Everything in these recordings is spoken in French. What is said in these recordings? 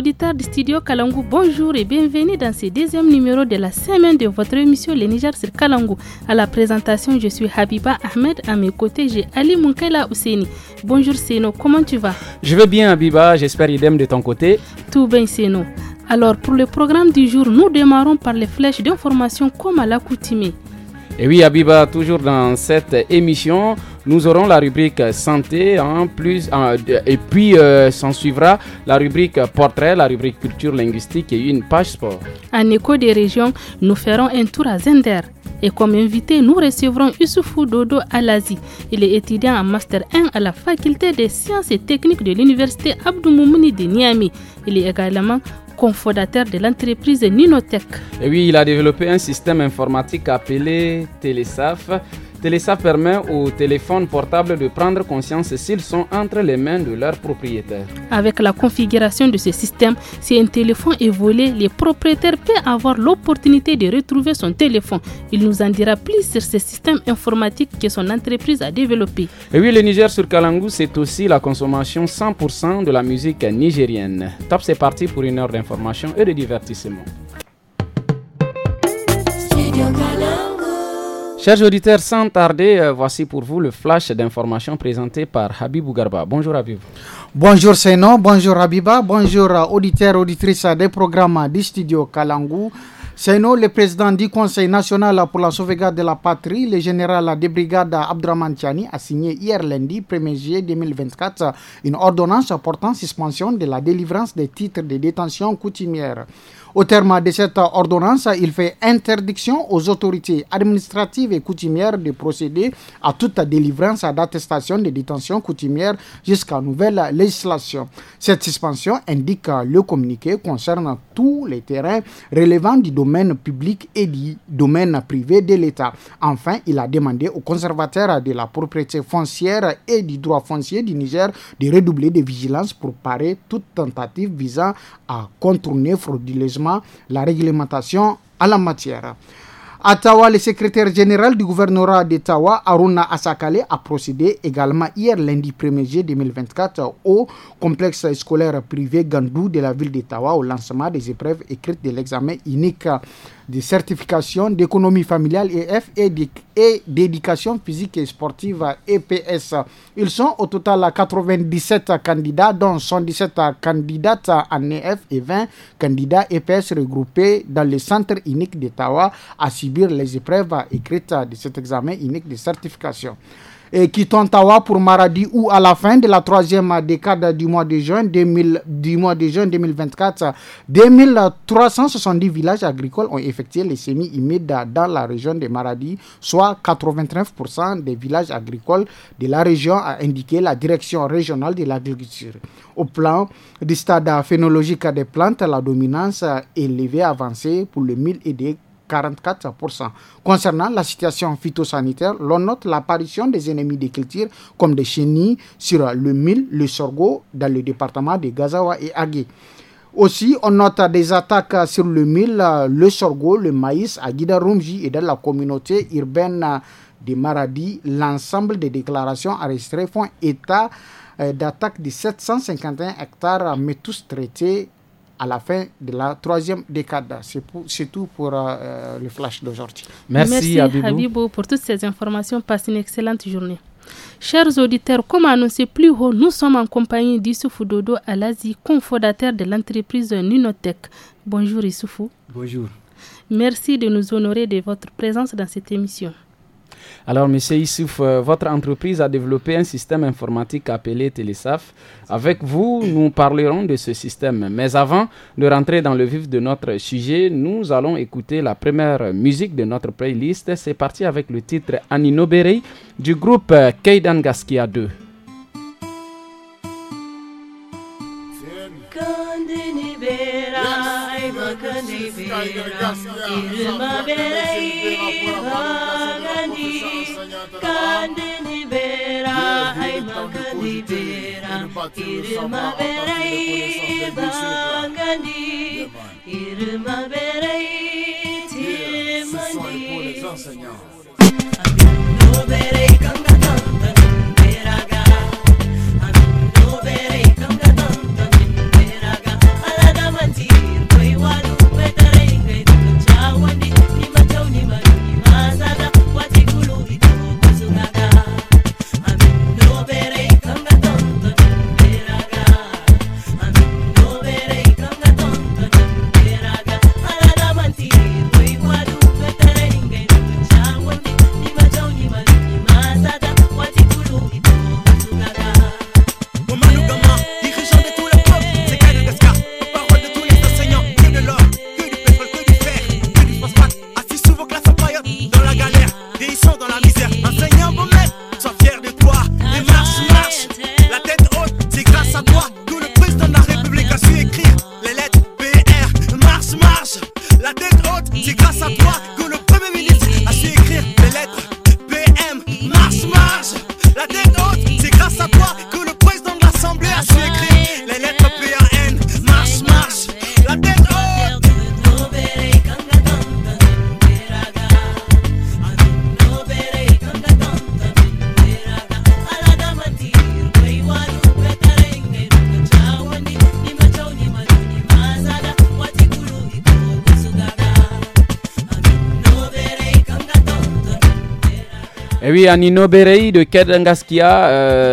auditeurs du studio Kalangu, bonjour et bienvenue dans ce deuxième numéro de la semaine de votre émission Les Niger sur Kalangou. À la présentation, je suis Habiba Ahmed. À mes côtés, j'ai Ali Munkela Ouseni. Bonjour Seno, comment tu vas Je vais bien Habiba, j'espère idem de ton côté. Tout bien Seno. Alors pour le programme du jour, nous démarrons par les flèches d'information comme à l'accoutumée. Et oui, Abiba, toujours dans cette émission, nous aurons la rubrique santé en hein, plus, hein, et puis s'ensuivra s'en suivra la rubrique portrait, la rubrique culture linguistique et une page sport. En écho des régions, nous ferons un tour à Zender. Et comme invité, nous recevrons Yusufu Dodo Alazi. Il est étudiant en Master 1 à la Faculté des sciences et techniques de l'Université Abdou Moumouni de Niamey. Il est également cofondateur de l'entreprise Ninotech. Et oui, il a développé un système informatique appelé Télésaf ça permet aux téléphones portables de prendre conscience s'ils sont entre les mains de leurs propriétaires. Avec la configuration de ce système, si un téléphone est volé, les propriétaires peuvent avoir l'opportunité de retrouver son téléphone. Il nous en dira plus sur ce système informatique que son entreprise a développé. Et oui, le Niger sur Kalangu, c'est aussi la consommation 100% de la musique nigérienne. Top, c'est parti pour une heure d'information et de divertissement. Chers auditeurs, sans tarder, euh, voici pour vous le flash d'informations présenté par Habib Garba. Bonjour Habib. Bonjour Seno, bonjour Habiba, bonjour euh, auditeurs, auditrices des programmes du studio Kalangou. Seno, le président du Conseil national pour la sauvegarde de la patrie, le général de brigade Abdraman a signé hier lundi 1er juillet 2024 une ordonnance portant suspension de la délivrance des titres de détention coutumière. Au terme de cette ordonnance, il fait interdiction aux autorités administratives et coutumières de procéder à toute délivrance d'attestation de détention coutumière jusqu'à nouvelle législation. Cette suspension, indique le communiqué, concernant tous les terrains relevant du domaine public et du domaine privé de l'État. Enfin, il a demandé aux conservateurs de la propriété foncière et du droit foncier du Niger de redoubler de vigilance pour parer toute tentative visant à contourner frauduleusement la réglementation à la matière. Tawa, le secrétaire général du gouvernorat d'Ottawa, Aruna Asakale, a procédé également hier lundi 1er juillet 2024 au complexe scolaire privé Gandou de la ville d'Ottawa au lancement des épreuves écrites de l'examen unique des certifications d'économie familiale EF et, d'éducation physique et sportive EPS. Ils sont au total à 97 candidats, dont 117 candidates en EF et 20 candidats EPS regroupés dans le centre unique d'Ottawa à subir les épreuves écrites de cet examen unique de certification et pour Maradi ou à la fin de la troisième décade du mois de juin 2000, du mois de juin 2024, 2370 villages agricoles ont effectué les semis humides dans la région de Maradi, soit 89% des villages agricoles de la région, a indiqué la direction régionale de l'agriculture. Au plan du stade phénologique des plantes, la dominance élevée avancée pour le mil et des 44%. Concernant la situation phytosanitaire, l'on note l'apparition des ennemis des cultures comme des chenilles sur le mil, le sorgho dans le département de Gazawa et Agui. Aussi, on note des attaques sur le mil, le sorgho, le maïs à Rumji et dans la communauté urbaine de Maradi. L'ensemble des déclarations enregistrées font état euh, d'attaques de 751 hectares, mais tous traités à la fin de la troisième décade. C'est tout pour euh, le flash d'aujourd'hui. Merci, Merci Habibou. pour toutes ces informations. Passe une excellente journée. Chers auditeurs, comme annoncé plus haut, nous sommes en compagnie d'Issoufou Dodo Alazi, cofondateur de l'entreprise Ninotech. Bonjour Issoufou. Bonjour. Merci de nous honorer de votre présence dans cette émission. Alors, M. Issouf, votre entreprise a développé un système informatique appelé Télésaf. Avec vous, nous parlerons de ce système. Mais avant de rentrer dans le vif de notre sujet, nous allons écouter la première musique de notre playlist. C'est parti avec le titre Aninoberei du groupe Keidan Gaskia 2. Kandilibera, Kandibera, Berei Kanga. Anino Berei de Kedangaskia,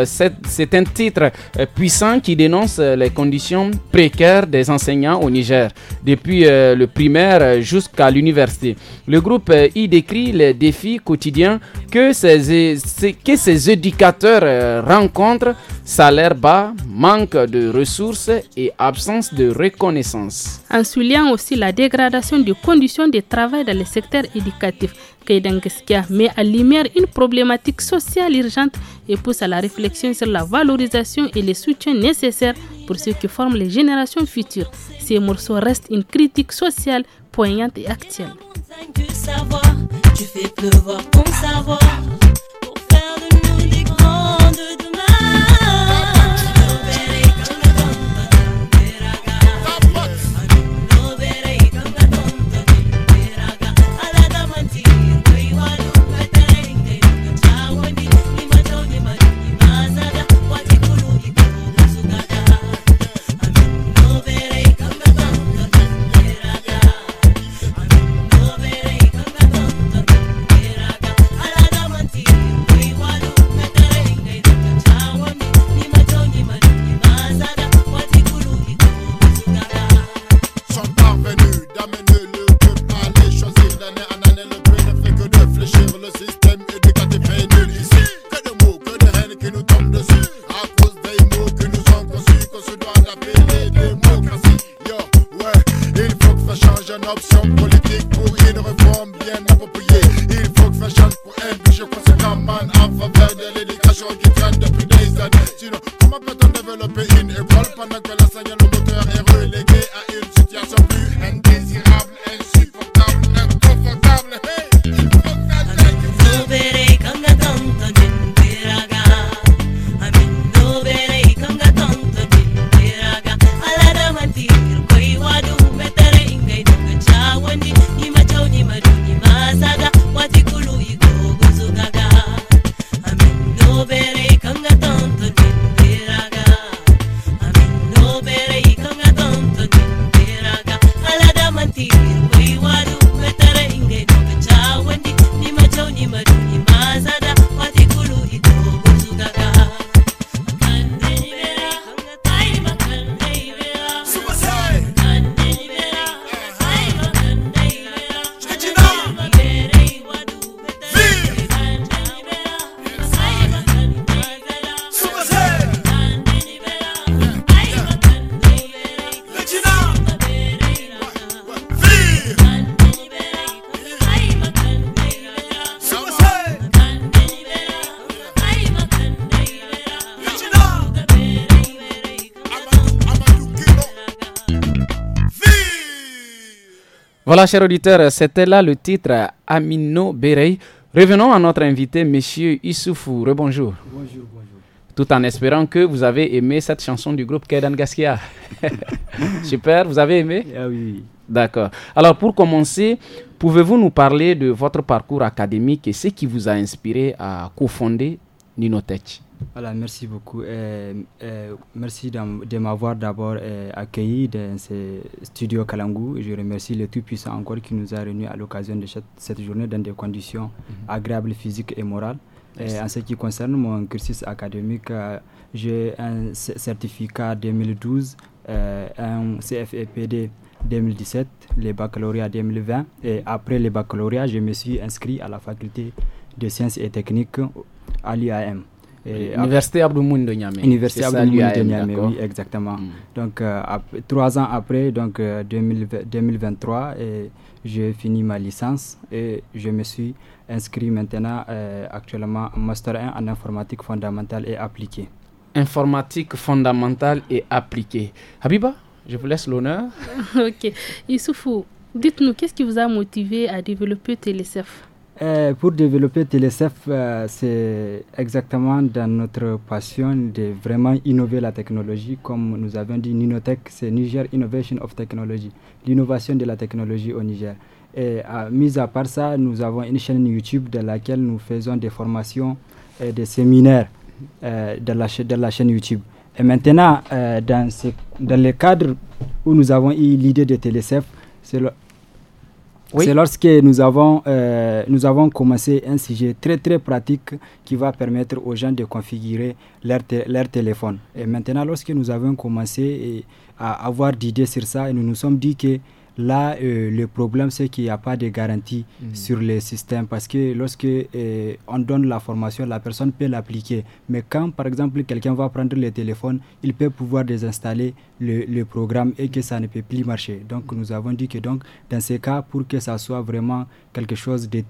euh, c'est un titre euh, puissant qui dénonce euh, les conditions précaires des enseignants au Niger, depuis le primaire jusqu'à l'université. Le groupe y décrit les défis quotidiens que que ces éducateurs rencontrent, salaire bas, manque de ressources et absence de reconnaissance. En soulignant aussi la dégradation des conditions de travail dans le secteur éducatif, met à lumière une problématique sociale urgente et pousse à la réflexion sur la valorisation et les soutiens nécessaires pour ceux qui forment les générations futures. Ces morceaux restent une critique sociale poignante et actuelle. Voilà, chers auditeurs, c'était là le titre Amino Berei. Revenons à notre invité, Monsieur Issoufou. Rebonjour. Bonjour, bonjour. Tout en espérant que vous avez aimé cette chanson du groupe Kedan Gaskia. Super, vous avez aimé ah oui. D'accord. Alors, pour commencer, pouvez-vous nous parler de votre parcours académique et ce qui vous a inspiré à cofonder Ninotech merci beaucoup. merci de m'avoir d'abord accueilli dans ce studio Kalangu. Je remercie le Tout-Puissant encore qui nous a réunis à l'occasion de cette, journée dans des conditions mhm. agréables physiques et morales. en ce qui concerne mon cursus académique, euh, j'ai un certificat 2012, euh, un CFEPD e 2017, les baccalauréat 2020. Et après le baccalauréat, je me suis inscrit à la faculté de sciences et techniques à l'IAM. Université Abdou de Niamey. Université Abdou de Niamey, oui, exactement. Mm. Donc, euh, trois ans après, donc 2023, euh, j'ai fini ma licence et je me suis inscrit maintenant euh, actuellement en Master 1 en informatique fondamentale et appliquée. Informatique fondamentale et appliquée. Habiba, je vous laisse l'honneur. ok. Issoufou, dites-nous, qu'est-ce qui vous a motivé à développer Télécef euh, pour développer Télécef, euh, c'est exactement dans notre passion de vraiment innover la technologie. Comme nous avons dit, Ninotech, c'est Niger Innovation of Technology, l'innovation de la technologie au Niger. Et à, euh, mis à part ça, nous avons une chaîne YouTube dans laquelle nous faisons des formations et des séminaires euh, dans, la chaîne YouTube. Et maintenant, dans, ce, dans le cadre où nous avons eu l'idée de Télécef, c'est le... C'est lorsque nous avons, euh, nous avons commencé un sujet très très pratique qui va permettre aux gens de configurer leur, leur téléphone. Et maintenant, lorsque nous avons commencé à avoir d'idées sur ça, et nous nous sommes dit que Là, euh, le problème, c'est qu'il n'y a pas de garantie mm. sur le système parce que lorsque euh, on donne la formation, la personne peut l'appliquer. Mais quand, par exemple, quelqu'un va prendre le téléphone, il peut pouvoir désinstaller le, programme et que ça ne peut plus marcher. Donc, mm. nous avons dit que donc, dans ces cas, pour que ça soit vraiment quelque chose de,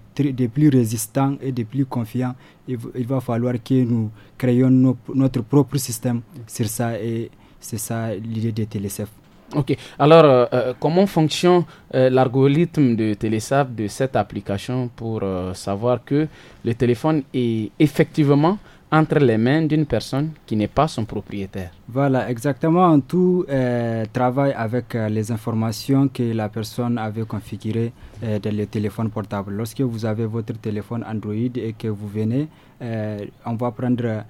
plus résistant et de plus confiant, il, va falloir que nous créions notre propre système mm. sur ça et c'est ça l'idée des télésefs. Ok, alors euh, euh, comment fonctionne euh, l'algorithme de Télésap de cette application pour savoir que le téléphone est effectivement entre les mains d'une personne qui n'est pas son propriétaire. Voilà, exactement. Tout euh, travaille avec les informations que la personne avait configurées dans le téléphone portable. Lorsque vous avez votre téléphone Android et que vous venez euh, on va prendre euh,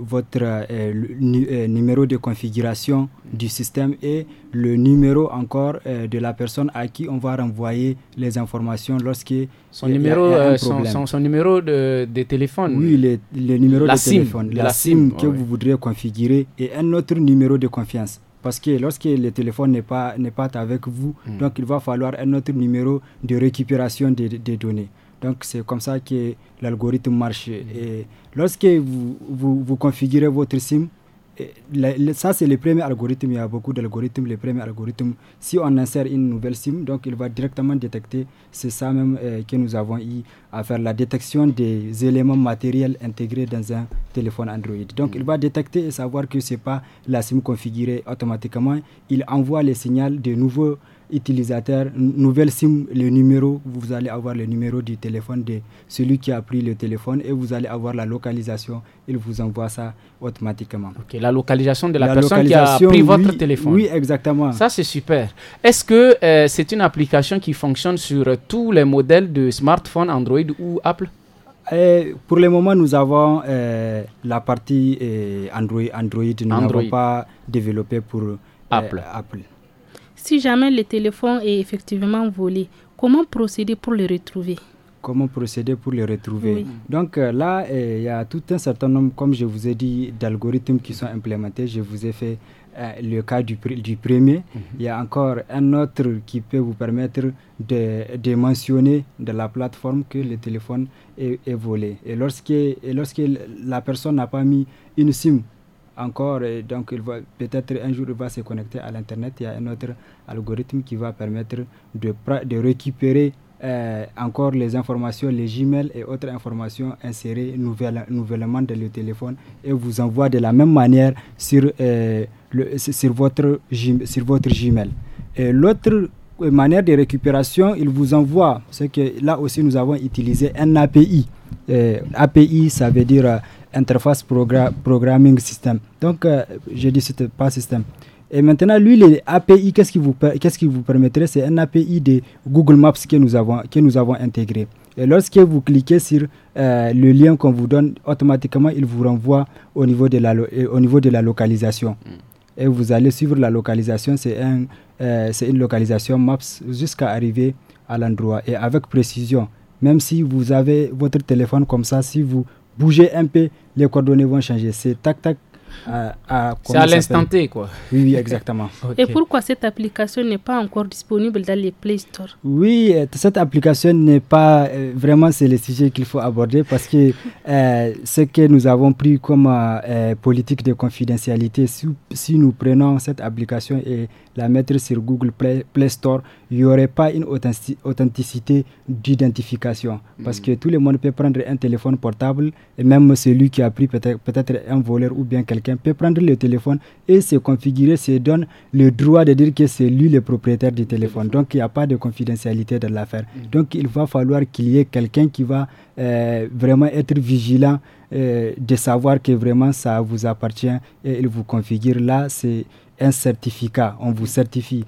votre euh, numéro de configuration du système et le numéro encore de la personne à qui on va renvoyer les informations lorsque son numéro son, numéro de, téléphone oui le, numéro de téléphone la, SIM, que vous voudrez configurer et un autre numéro de confiance parce que lorsque le téléphone n'est pas, n'est pas avec vous, hmm. donc il va falloir un autre numéro de récupération des données. Donc c'est comme ça que l'algorithme marche. Et lorsque vous, vous, configurez votre SIM, ça c'est le premier algorithme, il y a beaucoup d'algorithmes. Le premier algorithme, si on insère une nouvelle SIM, donc il va directement détecter, c'est ça même euh, que nous avons eu à faire, la détection des éléments matériels intégrés dans un téléphone Android. Donc il va détecter et savoir que ce n'est pas la SIM configurée automatiquement, il envoie les signaux de nouveaux utilisateur, nouvelle SIM, le numéro, vous allez avoir le numéro du téléphone de celui qui a pris le téléphone et vous allez avoir la localisation. Il vous envoie ça automatiquement. ok la localisation de la, personne qui a pris votre téléphone. Oui, exactement. Ça, c'est super. Est-ce que euh, c'est une application qui fonctionne sur tous les modèles de smartphone Android ou Apple euh, pour le moment, nous avons euh, la partie Android. Android, nous n'avons pas développé pour Apple. Si jamais le téléphone est effectivement volé, comment procéder pour le retrouver Comment procéder pour le retrouver Donc euh, là, euh, il y a tout un certain nombre, comme je vous ai dit, d'algorithmes qui sont implémentés. Je vous ai fait euh, le cas du, premier. Mhm. Il y a encore un autre qui peut vous permettre de, mentionner de la plateforme que le téléphone est, volé. Et lorsque, et lorsque la personne n'a pas mis une SIM encore. donc, il va peut-être un jour, il va se connecter à l'internet. Il y a un autre algorithme qui va permettre de, de récupérer euh, encore les informations, les Gmail et autres informations insérées nouvellement dans le téléphone et vous envoie de la même manière sur, euh, le, sur, votre, sur votre Gmail. Et l'autre euh, manière de récupération, il vous envoie, c'est que là aussi nous avons utilisé un API. API, ça veut dire interface programming system. Donc, euh, je dis dit pas système. Et maintenant, lui, les API, qu'est-ce qui vous, qu'est-ce qui vous permettrait C'est un API de Google Maps que nous avons, que nous avons intégré. Et lorsque vous cliquez sur euh, le lien qu'on vous donne, automatiquement, il vous renvoie au niveau de la, au niveau de la localisation. Et vous allez suivre la localisation, c'est un, euh, c'est une localisation Maps jusqu'à arriver à l'endroit. Et avec précision, même si vous avez votre téléphone comme ça, si vous bouger un peu, les coordonnées vont changer. C'est tac-tac. À, c'est à l'instant T, quoi. Oui, exactement. Et pourquoi cette application n'est pas encore disponible dans les Play Store Oui, euh, cette application n'est pas euh, vraiment, c'est le sujet qu'il faut aborder parce que euh, ce que nous avons pris comme politique de confidentialité, si, nous prenons cette application et la mettre sur Google Play Store, il n'y aurait pas une authenticité d'identification. Parce mm. que tout le monde peut prendre un téléphone portable, et même celui qui a pris peut-être un voleur ou bien quelqu'un peut prendre le téléphone et se configurer, se donne le droit de dire que c'est lui le propriétaire du téléphone. Donc il n'y a pas de confidentialité dans l'affaire. Mm. Donc il va falloir qu'il y ait quelqu'un qui va euh, vraiment être vigilant. Euh, de savoir que vraiment ça vous appartient et il vous configure là, c'est un certificat, on vous certifie.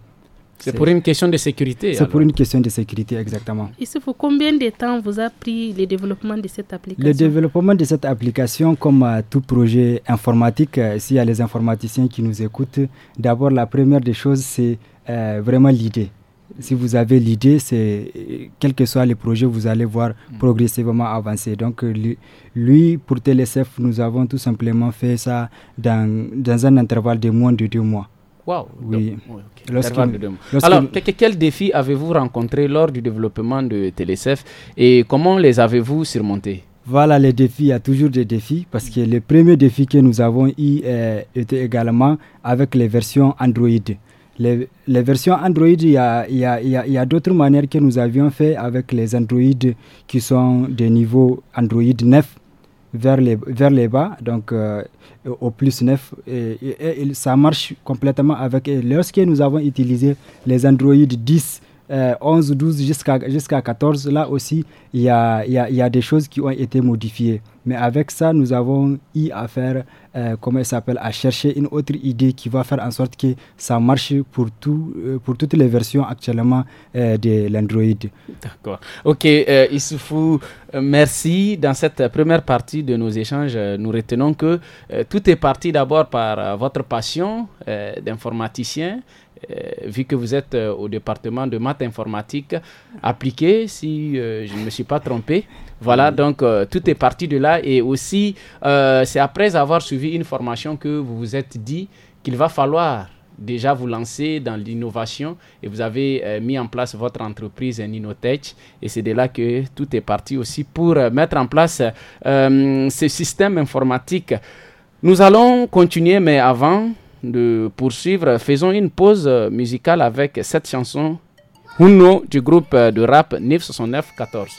C'est pour une question de sécurité. C'est pour une question de sécurité, exactement. Il se faut combien de temps vous a pris le développement de cette application Le développement de cette application, comme euh, tout projet informatique, euh, s'il y a les informaticiens qui nous écoutent, d'abord la première des choses, c'est euh, vraiment l'idée. Si vous avez l'idée, c'est quel que soit le projet, vous allez voir mm. progressivement avancer. Donc lui, pour TLSF, nous avons tout simplement fait ça dans, dans un intervalle de moins de deux mois. Wow. Oui. okay. Alors, quels quel avez-vous rencontrés lors du développement de Télécef et comment les avez-vous surmontés Voilà, les défis, il y a toujours des défis parce que le premier défi que nous avons eu euh, était également avec les versions Android. Les, versions Android, il y a, y a d'autres manières que nous avions fait avec les Android qui sont des niveaux Android 9 vers les, bas, donc euh, au plus 9. Et, ça marche complètement avec. Lorsque nous avons utilisé les Android 10, 11, 12 jusqu'à jusqu'à 14, là aussi, il y a, y a des choses qui ont été modifiées. Mais avec ça, nous avons eu à faire, euh, comment elle s'appelle, à chercher une autre idée qui va faire en sorte que ça marche pour, tout, euh, pour toutes les versions actuellement euh, de l'Android. D'accord. Ok, Issoufou, merci. Dans cette première partie de nos échanges, nous retenons que tout est parti d'abord par votre passion d'informaticien. Euh, vu que vous êtes euh, au département de maths informatique appliqué si euh, je ne me suis pas trompé. Voilà, donc tout est parti de là. Et aussi, c'est après avoir suivi une formation que vous vous êtes dit qu'il va falloir déjà vous lancer dans l'innovation et vous avez mis en place votre entreprise Ninotech et c'est de là que tout est parti aussi pour mettre en place ce système informatique. Nous allons continuer, mais avant, de poursuivre, faisons une pause musicale avec cette chanson Huno du groupe de rap 6914.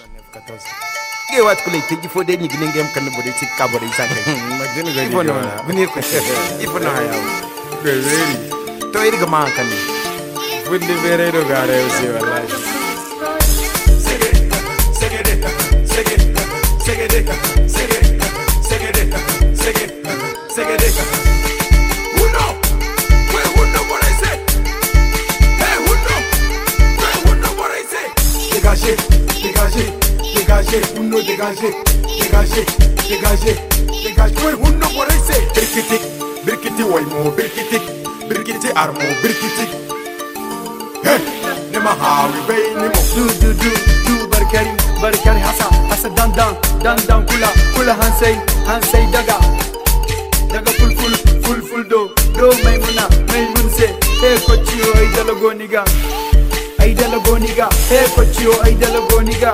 dégagé, dégagé, dégagé. Oui, on ne pourrait c'est. Birkitik, birkiti mon birkitik, birkiti armo, birkitik. Hey, ne ma hawi bay ne mo. Du du du du barkari, barkari hasa, hasa dan dan, dan dan kula, kula hansay, hansay daga, daga full full full full do, do maimuna, maimun se. Hey, kochiyo, ay dalago niga, ay dalago niga, hey kochiyo, ay dalago niga.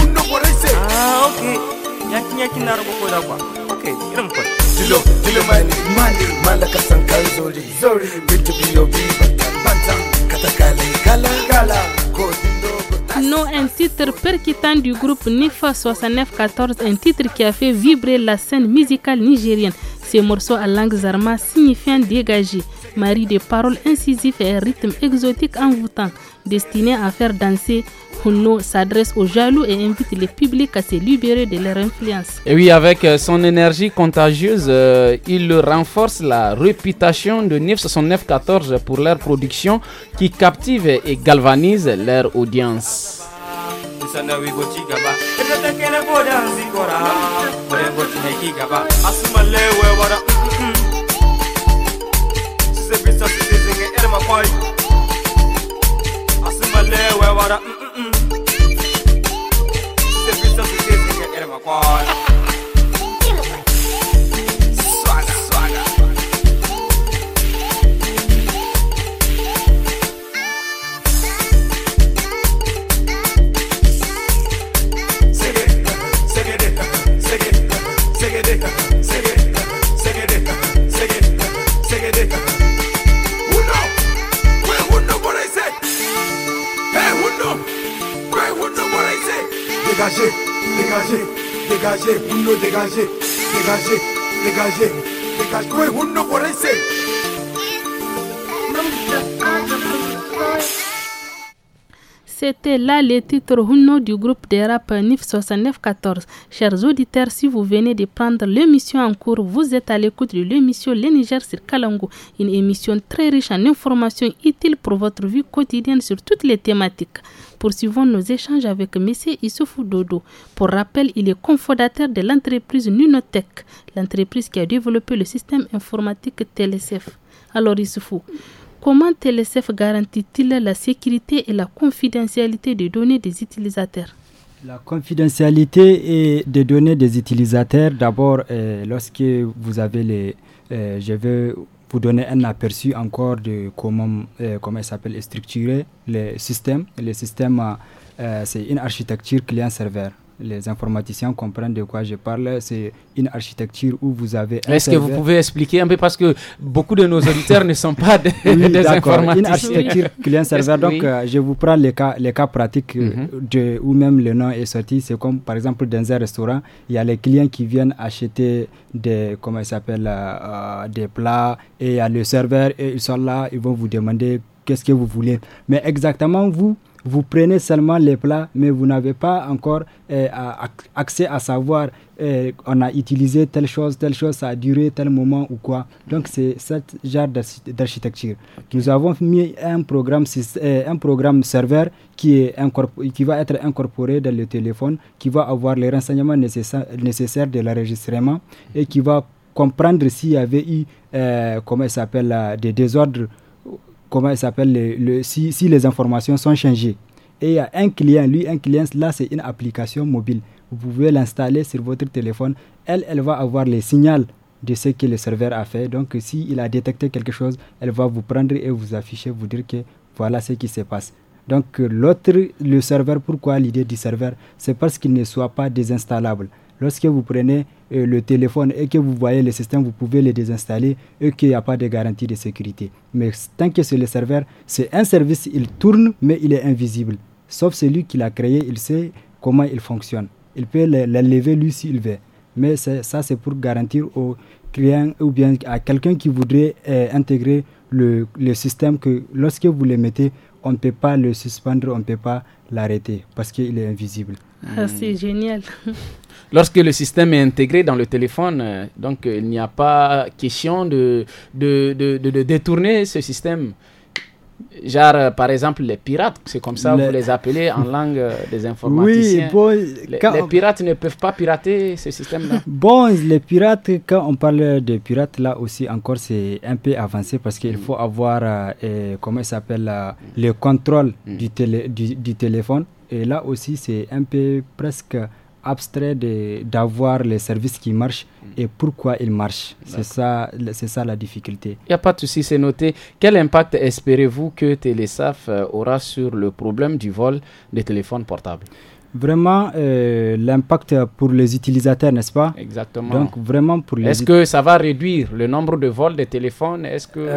Non, un titre percutant du groupe Nifa 6914, un titre qui a fait vibrer la scène musicale nigérienne. ces morceaux à langue zarma signifiant dégagé, mari de paroles incisives et un rythme exotique envoûtant destiné à faire danser Huno s'adresse aux jaloux et invite les publics à se libérer de leur influence. Et oui, avec euh, son énergie contagieuse, euh, il renforce la réputation de Nif 6914 pour leur production qui captive et galvanise leur audience. Mmh. about a mm Dégagez, C'était là le titre Huno du groupe des rap NIF 6914. Chers auditeurs, si vous venez de prendre l'émission en cours, vous êtes à l'écoute de l'émission Les Niger sur Kalango, une émission très riche en informations utiles pour votre vie quotidienne sur toutes les thématiques poursuivons nos échanges avec M. Issoufou Dodo. Pour rappel, il est cofondateur de l'entreprise Nunotech, l'entreprise qui a développé le système informatique TLSF. Alors Issoufou, comment TLSF garantit-il la sécurité et la confidentialité des données des utilisateurs la confidentialité des données des utilisateurs, d'abord, euh, lorsque vous avez les, euh, je veux pour donner un aperçu encore de comment, euh, comment il s'appelle, structurer le système. Le système, euh, c'est une architecture client-serveur les informaticiens comprennent de quoi je parle. C'est une architecture où vous avez. Est-ce que vous pouvez expliquer un peu parce que beaucoup de nos auditeurs ne sont pas des, informaticiens. Une architecture client-serveur. Donc, euh, je vous prends les cas, les cas pratiques euh, mhm. de, où même le nom est sorti. C'est comme par exemple dans un restaurant, il y a les clients qui viennent acheter des comment s'appelle euh, des plats et il y a le serveur et ils sont là, ils vont vous demander qu'est-ce que vous voulez. Mais exactement vous vous prenez seulement les plats, mais vous n'avez pas encore euh, accès à savoir euh, on a utilisé telle chose, telle chose, ça a duré tel moment ou quoi. Donc c'est ce genre d'architecture. Nous avons mis un programme, euh, un programme serveur qui, est qui va être incorporé dans le téléphone, qui va avoir les renseignements nécessaires, de l'enregistrement et qui va comprendre s'il y avait eu, euh, comment s'appelle, des désordres comment il s'appelle, le, si, si, les informations sont changées. Et il y a un client, lui, un client, là, c'est une application mobile. Vous pouvez l'installer sur votre téléphone. Elle, elle va avoir les signaux de ce que le serveur a fait. Donc, s'il a détecté quelque chose, elle va vous prendre et vous afficher, vous dire que voilà ce qui se passe. Donc, l'autre, le serveur, pourquoi l'idée du serveur C'est parce qu'il ne soit pas désinstallable. Lorsque vous prenez euh, le téléphone et que vous voyez le système, vous pouvez le désinstaller et qu'il n'y a pas de garantie de sécurité. Mais tant que c'est le serveur, c'est un service, il tourne, mais il est invisible. Sauf celui qui l'a créé, il sait comment il fonctionne. Il peut l'enlever lui s'il veut. Mais ça, c'est pour garantir aux clients ou bien à quelqu'un qui voudrait euh, intégrer le, système que lorsque vous le mettez, on ne peut pas le suspendre, on ne peut pas l'arrêter parce qu'il est invisible. Ah, c'est génial. Lorsque le système est intégré dans le téléphone, euh, donc euh, il n'y a pas question de, de, de, de détourner ce système. Genre, euh, par exemple, les pirates, c'est comme ça vous les appelez en langue des informaticiens. Oui, les, pirates ne peuvent pas pirater ce système-là. Bon, les pirates, quand on parle de pirates, là aussi encore, c'est un peu avancé parce qu'il mm. faut avoir, comment ça s'appelle, le contrôle mm. du, télé, du, du, téléphone. Et là aussi, c'est un peu presque abstrait d'avoir les services qui marchent mm. et pourquoi ils marchent. C'est ça, la difficulté. Il n'y a pas de souci, c'est noté. Quel impact espérez-vous que Télésaf euh, aura sur le problème du vol des téléphones portables vraiment euh, l'impact pour les utilisateurs, n'est-ce pas Exactement. Donc vraiment pour les. Est-ce que ça va réduire le nombre de vols de téléphones Est-ce que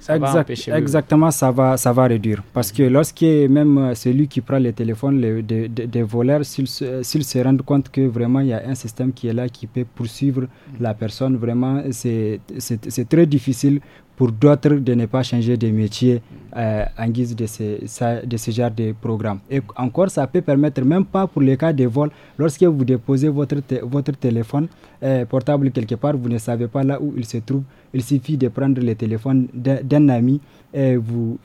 ça va empêcher Exactement, ça va, ça va réduire. Parce que lorsque même euh, celui qui prend les téléphones des, des voleurs, s'ils se rendent compte que vraiment il y a un système qui est là qui peut poursuivre mm. la personne, vraiment c'est très difficile pour d'autres de ne pas changer de métier euh, en guise de ce, de genre de programme. Et encore, ça peut permettre, même pas pour les cas de vol, lorsque vous déposez votre, votre téléphone, euh, portable quelque part, vous ne savez pas là où il se trouve, il suffit de prendre le téléphone d'un ami et vous,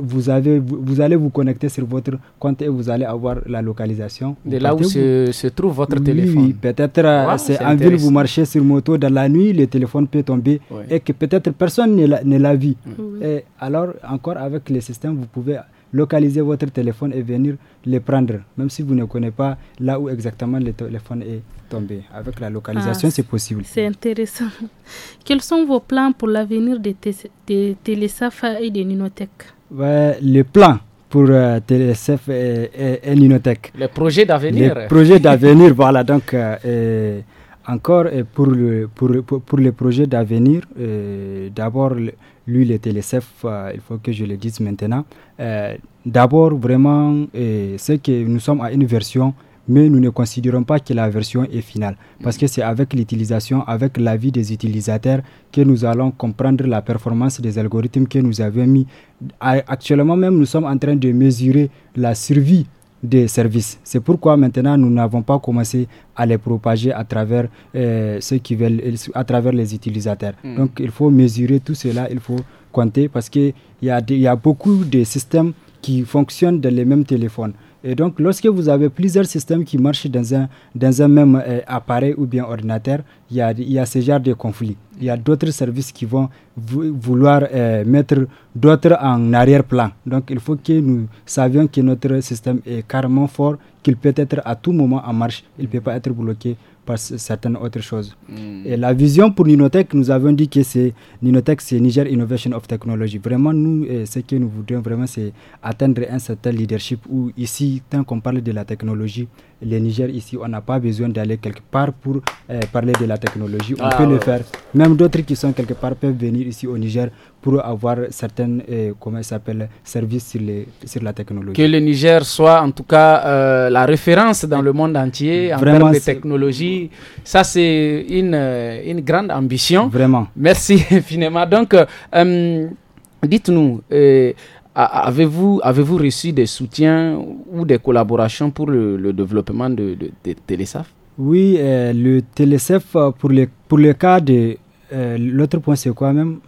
vous, avez, vous, allez vous connecter sur votre compte et vous allez avoir la localisation. De là où se, se, trouve votre téléphone. peut-être euh, c'est en ville, vous marchez sur moto dans la nuit, le téléphone peut tomber et que peut-être personne ne l'a vu. Et alors, encore avec le système, vous pouvez localiser votre téléphone et venir le prendre, même si vous ne connaissez pas là où exactement le téléphone est tombé. Avec la localisation, ah, c'est possible. C'est intéressant. Quels sont vos plans pour l'avenir des, Télésaf et des NinoTech ouais, Les plans pour euh, Télésaf et, Ninotech. Les projets d'avenir. Les projets d'avenir, voilà. Donc, euh, encore pour, le, pour, pour, les projets d'avenir, euh, d'abord, lui, le TLCF, euh, il faut que je le dise maintenant. Euh, d'abord, vraiment, c'est que nous sommes à une version, mais nous ne considérons pas que la version est finale, parce que c'est avec l'utilisation, avec l'avis des utilisateurs, que nous allons comprendre la performance des algorithmes que nous avons mis. Actuellement même, nous sommes en train de mesurer la survie des services. C'est pourquoi maintenant nous n'avons pas commencé à les propager à travers euh, ceux qui veulent, euh, à travers les utilisateurs. Hmm. Donc il faut mesurer tout cela, il faut compter parce qu'il y, y a beaucoup de systèmes qui fonctionnent dans les mêmes téléphones. Et donc, lorsque vous avez plusieurs systèmes qui marchent dans un, dans un même euh, appareil ou bien ordinateur, il y a, y a, ce genre de conflit. Il y a d'autres services qui vont vouloir euh, mettre d'autres en arrière-plan. Donc, il faut que nous savions que notre système est carrément fort, qu'il peut être à tout moment en marche, il ne peut pas être bloqué certaines autres choses. Hmm. Et la vision pour Ninotech, nous avons dit que c'est Ninotech, c'est Niger Innovation of Technology. Vraiment, nous, ce que nous voudrions vraiment, c'est atteindre un certain leadership où ici, tant qu'on parle de la technologie, les Niger ici, on n'a pas besoin d'aller quelque part pour euh, parler de la technologie. On ah, peut le faire. Même d'autres qui sont quelque part peuvent venir ici au Niger pour avoir certains euh, comment s'appelle services sur, les, la technologie. Que le Niger soit en tout cas euh, la référence dans le monde entier en termes de technologie, ça c'est euh, une, grande ambition. Vraiment. Merci infiniment. Donc dites-nous. Avez-vous avez reçu des soutiens ou des collaborations pour le, développement de, de, de, Télésaf Oui, le Télésaf, pour pour le cas de... L'autre point, c'est quoi même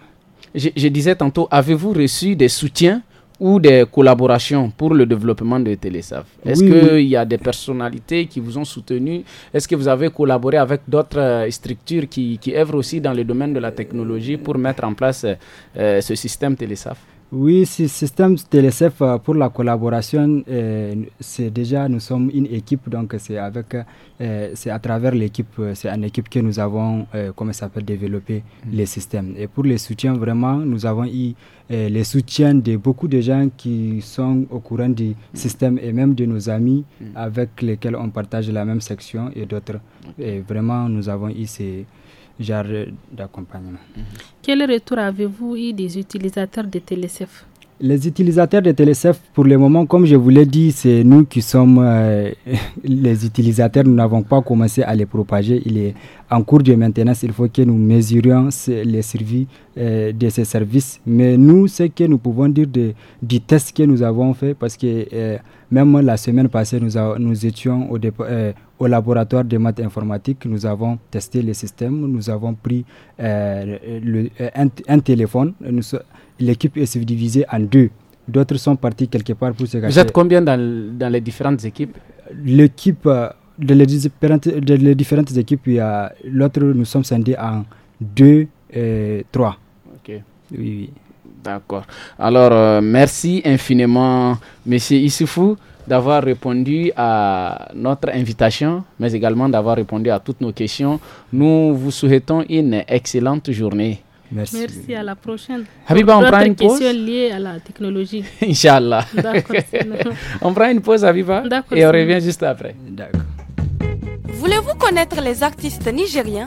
je, disais tantôt, avez-vous reçu des soutiens ou des collaborations pour le développement de Télésaf Est-ce qu'il y a des personnalités qui vous ont soutenu Est-ce que vous avez collaboré avec d'autres euh, structures qui, œuvrent aussi dans le domaine de la technologie pour mettre en place euh, euh, ce système Télésaf oui, ce système TLCF euh, pour la collaboration, euh, c'est déjà, nous sommes une équipe, donc c'est avec, euh, c'est à travers l'équipe, c'est en équipe que nous avons, comment ça s'appelle, développer mm. les systèmes. Et pour les soutiens, vraiment, nous avons eu les soutiens de beaucoup de gens qui sont au courant du mm. système et même de nos amis mm. avec lesquels on partage la même section et d'autres. Et vraiment, nous avons eu ces genre d'accompagnement. Quel retour avez-vous eu des utilisateurs de TLCF les utilisateurs de TLCF, pour le moment, comme je vous l'ai dit, c'est nous qui sommes euh, les utilisateurs. Nous n'avons pas commencé à les propager. Il est en cours de maintenance. Il faut que nous mesurions les services euh, de ces services. Mais nous, ce que nous pouvons dire de, du test que nous avons fait, parce que euh, même la semaine passée, nous, nous étions au, euh, au, laboratoire de maths informatiques nous avons testé les systèmes, nous avons pris euh, le, euh, un, téléphone. L'équipe est subdivisée en deux. D'autres sont partis quelque part pour se cacher. Vous êtes combien dans, les différentes équipes L'équipe, de, les différentes équipes, l'autre, nous sommes scindés en deux et trois. Ok. Oui, oui. D'accord. Alors, euh, merci infiniment, Monsieur Issoufou, d'avoir répondu à notre invitation, mais également d'avoir répondu à toutes nos questions. Nous vous souhaitons une excellente journée. Merci. Merci, à la prochaine. Habiba, on prend une pause. liée à la technologie. Inch'Allah. on prend une pause, Habiba, et on revient juste après. D'accord. Voulez-vous connaître les artistes nigériens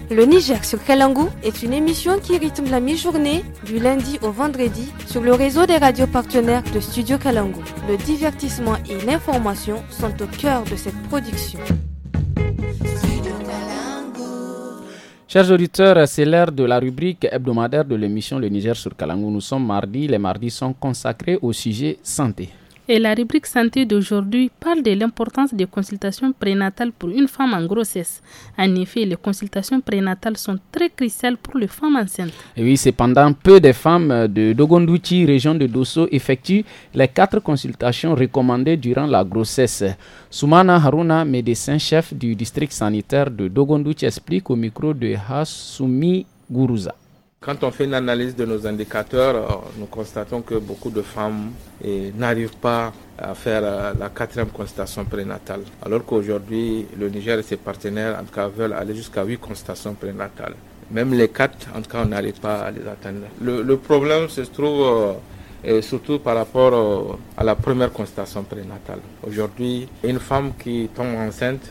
Le Niger sur Kalangu est une émission qui rythme la mi-journée du lundi au vendredi sur le réseau des radios partenaires de Studio Kalangu. Le divertissement et l'information sont au cœur de cette production. Chers auditeurs, c'est l'heure de la rubrique hebdomadaire de l'émission Le Niger sur Kalangu. Nous sommes mardi. Les mardis sont consacrés au sujet santé. Et la rubrique santé d'aujourd'hui parle de l'importance des consultations prénatales pour une femme en grossesse. En effet, les consultations prénatales sont très cruciales pour les femmes enceintes. Et oui, cependant, peu de femmes euh, de Dogondouchi, région de Dosso, effectuent les quatre consultations recommandées durant la grossesse. Soumana Haruna, médecin-chef du district sanitaire de Dogondouchi, explique au micro de Hasumi Gourouza. Quand on fait une analyse de nos indicateurs, euh, nous constatons que beaucoup de femmes eh, n'arrivent pas à faire euh, la quatrième constatation prénatale. Alors qu'aujourd'hui, le Niger et ses partenaires, en tout cas, veulent aller jusqu'à huit constatations prénatales. Même les quatre, en tout cas, on n'arrive pas à les atteindre. Le, problème se trouve euh, surtout par rapport à la première constatation prénatale. Aujourd'hui, une femme qui tombe enceinte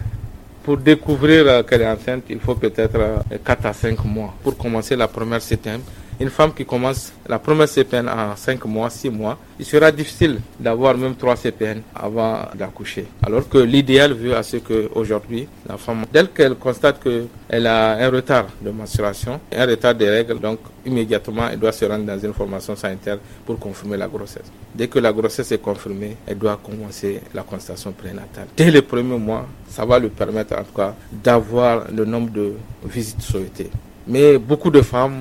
pour découvrir euh, qu'elle est enceinte, il faut peut-être 4 euh, à 5 mois. Pour commencer la première septembre, une femme qui commence la première CPN en 5 mois, 6 mois, il sera difficile d'avoir même 3 CPN avant d'accoucher. Alors que l'idéal veut à ce qu'aujourd'hui, la femme, dès qu'elle constate qu'elle a un retard de menstruation, un retard des règles, donc immédiatement, elle doit se rendre dans une formation sanitaire pour confirmer la grossesse. Dès que la grossesse est confirmée, elle doit commencer la constatation prénatale. Dès les premiers mois, ça va lui permettre en tout cas d'avoir le nombre de visites souhaitées. Mais beaucoup de femmes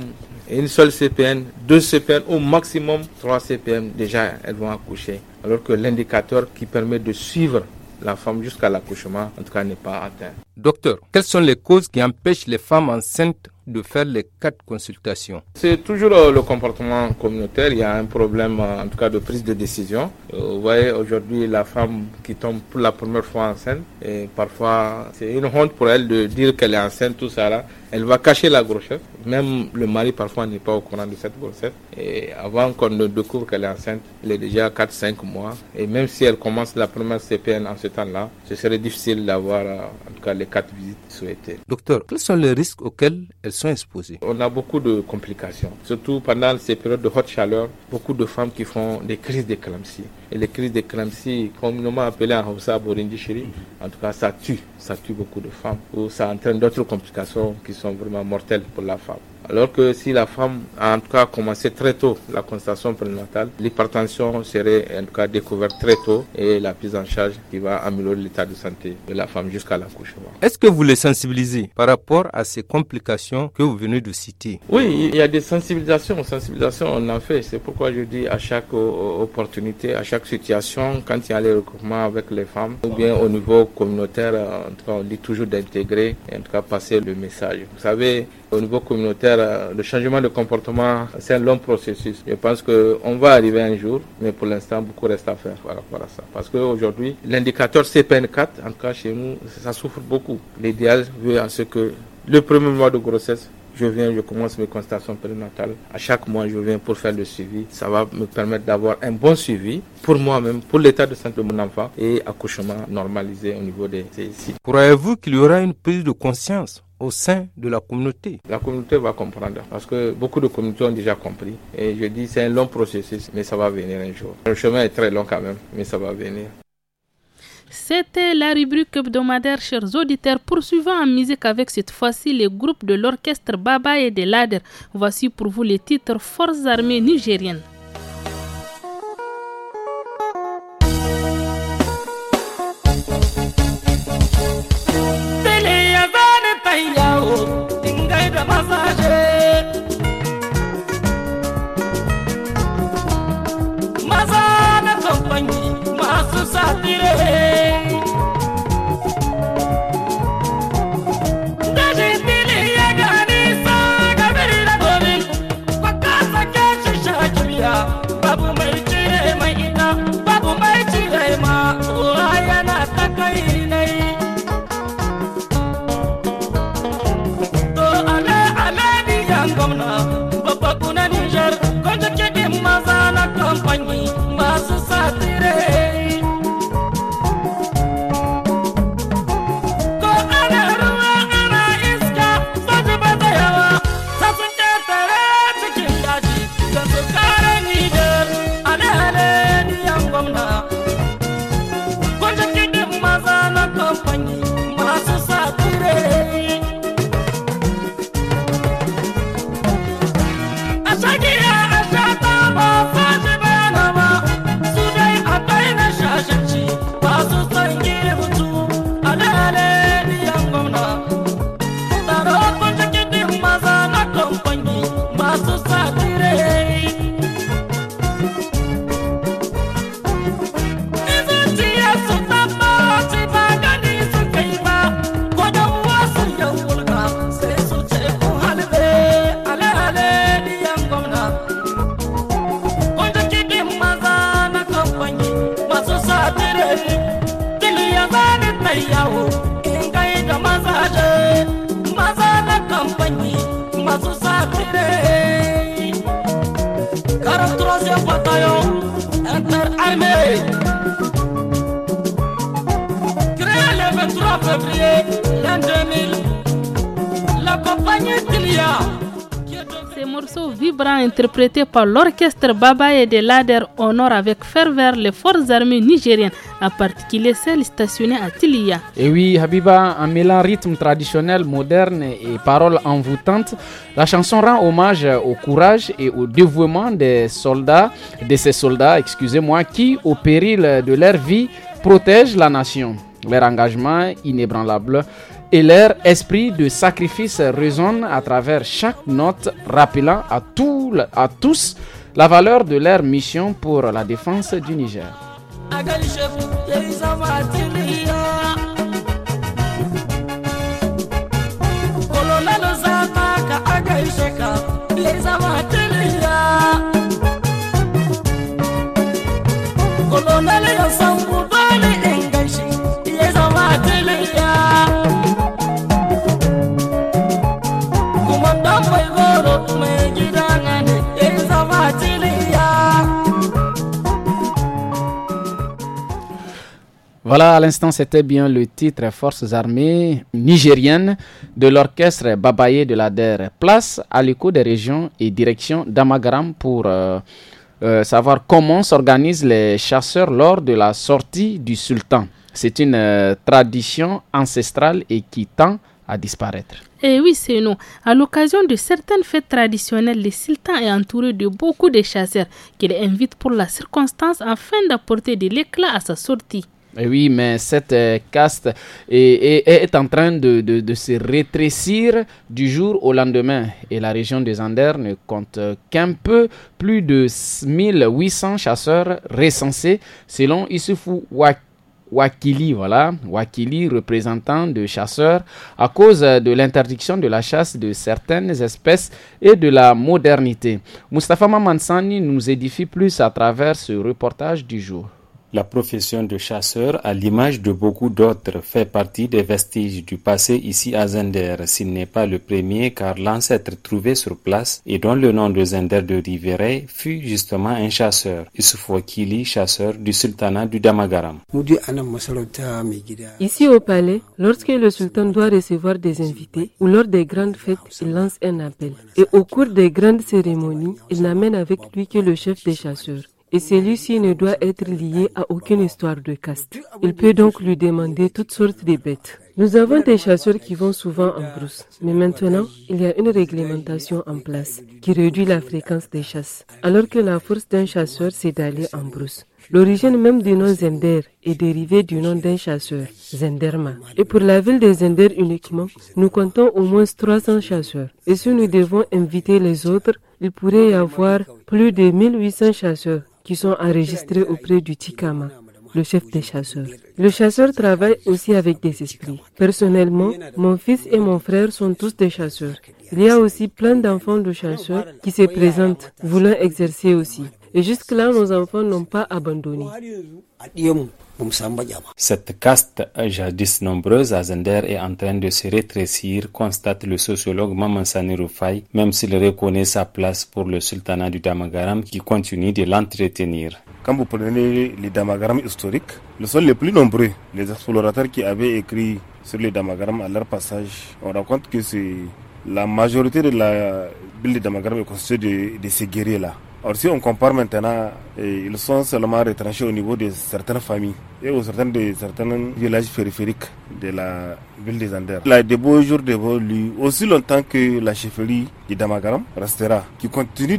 une seule CPN, deux CPN, au maximum trois CPN, déjà elles vont accoucher. Alors que l'indicateur qui permet de suivre la femme jusqu'à l'accouchement, en tout cas, n'est pas atteint. Docteur, quelles sont les causes qui empêchent les femmes enceintes de faire les quatre consultations C'est toujours euh, le comportement communautaire. Il y a un problème, euh, en tout cas, de prise de décision. Euh, vous voyez, aujourd'hui, la femme qui tombe pour la première fois enceinte, et parfois, c'est une honte pour elle de dire qu'elle est enceinte, tout ça là. Elle va cacher la grossesse. Même le mari parfois n'est pas au courant de cette grossesse. Et avant qu'on ne découvre qu'elle est enceinte, elle est déjà 4-5 mois. Et même si elle commence la première CPN en ce temps-là, ce serait difficile d'avoir euh, en tout cas les 4 visites souhaitées. Docteur, quels sont les risques auxquels elles sont exposées On a beaucoup de complications. Surtout pendant ces périodes de haute chaleur, beaucoup de femmes qui font des crises d'éclampsie. Et les crises de Kramsi, communément appelées en Hausa Chéri, en tout cas, ça tue. Ça tue beaucoup de femmes. Ou ça entraîne d'autres complications qui sont vraiment mortelles pour la femme. Alors que si la femme a en tout cas commencé très tôt la constatation prénatale, l'hypertension serait en tout cas découverte très tôt et la prise en charge qui va améliorer l'état de santé de la femme jusqu'à l'accouchement. Est-ce que vous les sensibilisez par rapport à ces complications que vous venez de citer Oui, il y a des sensibilisations. Sensibilisation, on en fait. C'est pourquoi je dis à chaque opportunité, à chaque situation, quand il y a les recoupements avec les femmes, ou bien au niveau communautaire, on dit toujours d'intégrer, en tout cas passer le message. Vous savez, au niveau communautaire, euh, le changement de comportement, c'est un long processus. Je pense qu'on va arriver un jour, mais pour l'instant, beaucoup reste à faire par rapport à ça. Parce qu'aujourd'hui, l'indicateur CPN4, en tout cas chez nous, ça souffre beaucoup. L'idéal veut à ce que le premier mois de grossesse, je viens, je commence mes constatations prénatales. À chaque mois, je viens pour faire le suivi. Ça va me permettre d'avoir un bon suivi pour moi-même, pour l'état de santé de mon enfant et accouchement normalisé au niveau des CIC. Croyez-vous qu'il y aura une prise de conscience au sein de la communauté. La communauté va comprendre parce que beaucoup de communautés ont déjà compris. Et je dis c'est un long processus, mais ça va venir un jour. Le chemin est très long quand même, mais ça va venir. C'était la rubrique hebdomadaire, chers auditeurs, poursuivant en musique avec cette fois-ci les groupes de l'orchestre Baba et de l'Ader. Voici pour vous les titres Forces armées nigériennes. interprété par l'orchestre Babaye de Lader, honore avec ferveur les forces armées nigériennes, en particulier celles stationnées à Tilia. Et oui, Habiba, en mêlant rythme traditionnel, moderne et paroles envoûtantes, la chanson rend hommage au courage et au dévouement des soldats, de ces soldats, excusez-moi, qui, au péril de leur vie, protègent la nation. Leur engagement inébranlable et leur esprit de sacrifice résonne à travers chaque note, rappelant à, à tous la valeur de leur mission pour la défense du Niger. Voilà, à l'instant, c'était bien le titre Forces armées nigériennes de l'orchestre Babaye de la DER. Place à l'écho des régions et direction d'Amagram pour euh, euh, savoir comment s'organisent les chasseurs lors de la sortie du sultan. C'est une euh, tradition ancestrale et qui tend à disparaître. Et eh oui, c'est nous À l'occasion de certaines fêtes traditionnelles, le sultan est entouré de beaucoup de chasseurs qu'il invite pour la circonstance afin d'apporter de l'éclat à sa sortie. Eh oui, mais cette euh, caste est, en train de, se rétrécir du jour au lendemain. Et la région des Anders ne compte euh, qu'un peu plus de 1800 chasseurs recensés selon Issoufou Wakili, voilà, Wakili, représentant de chasseurs, à cause de l'interdiction de la chasse de certaines espèces et de la modernité. Mustafa Mamansani nous édifie plus à travers ce reportage du jour. La profession de chasseur, à l'image de beaucoup d'autres, fait partie des vestiges du passé ici à Zender, s'il n'est pas le premier car l'ancêtre trouvé sur place et dont le nom de Zender de Riveray fut justement un chasseur, Il se qu'il y chasseur du sultanat du Damagaram. Ici au palais, lorsque le sultan doit recevoir des invités ou lors des grandes fêtes, il lance un appel. Et au cours des grandes cérémonies, il n'amène avec lui que le chef des chasseurs et celui-ci ne doit être lié à aucune histoire de caste. Il peut donc lui demander toutes sortes de bêtes. Nous avons des chasseurs qui vont souvent en brousse, mais maintenant, il y a une réglementation en place qui réduit la fréquence des chasses, alors que la force d'un chasseur, c'est d'aller en brousse. L'origine même du nom Zender est dérivée du nom d'un chasseur, Zenderma. Et pour la ville de Zender uniquement, nous comptons au moins 300 chasseurs. Et si nous devons inviter les autres, il pourrait y avoir plus de 1800 chasseurs qui sont enregistrés auprès du Tikama, le chef des chasseurs. Le chasseur travaille aussi avec des esprits. Personnellement, mon fils et mon frère sont tous des chasseurs. Il y a aussi plein d'enfants de chasseurs qui se présentent, voulant exercer aussi. Et jusque-là, nos enfants n'ont pas abandonné. Cette caste, jadis nombreuse à Zender, est en train de se rétrécir, constate le sociologue Mamansani Rufai, même s'il reconnaît sa place pour le sultanat du Damagaram qui continue de l'entretenir. Quand vous prenez les Damagaram historiques, le sont les plus nombreux. Les explorateurs qui avaient écrit sur les Damagaram à leur passage, on raconte que c'est la majorité de la ville de Damagaram est constituée de, de ces guerriers-là. Or, si on compare maintenant, ils sont seulement retranchés au niveau de certaines familles et certains de certains villages périphériques de la ville des Andes La de beaux jours de aussi longtemps que la chefferie de Damagaram restera, qui continue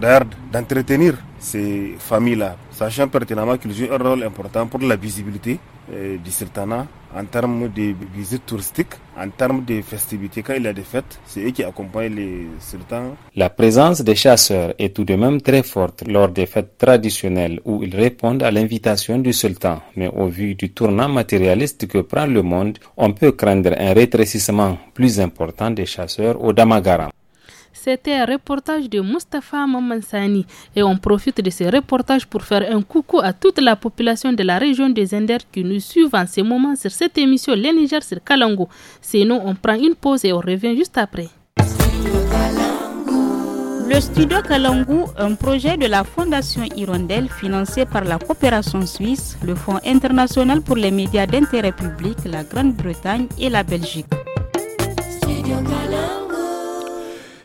d'entretenir ces familles-là, sachant pertinemment qu'ils jouent un rôle important pour la visibilité euh, du sultanat en termes de visites touristiques, en termes de festivités, quand il y a des fêtes, c'est eux qui accompagnent les sultans. La présence des chasseurs est tout de même très forte lors des fêtes traditionnelles où ils répondent à l'invitation du sultan. Mais au vu du tournant matérialiste que prend le monde, on peut craindre un rétrécissement plus important des chasseurs au Damagaram. C'était un reportage de Mustapha Mamansani et on profite de ce reportage pour faire un coucou à toute la population de la région des Indères qui nous suivent en ce moment sur cette émission Les Niger sur Kalangu. Sinon, on prend une pause et on revient juste après. Le studio Kalangu, un projet de la Fondation Hirondelle financé par la coopération suisse, le Fonds international pour les médias d'intérêt public, la Grande-Bretagne et la Belgique.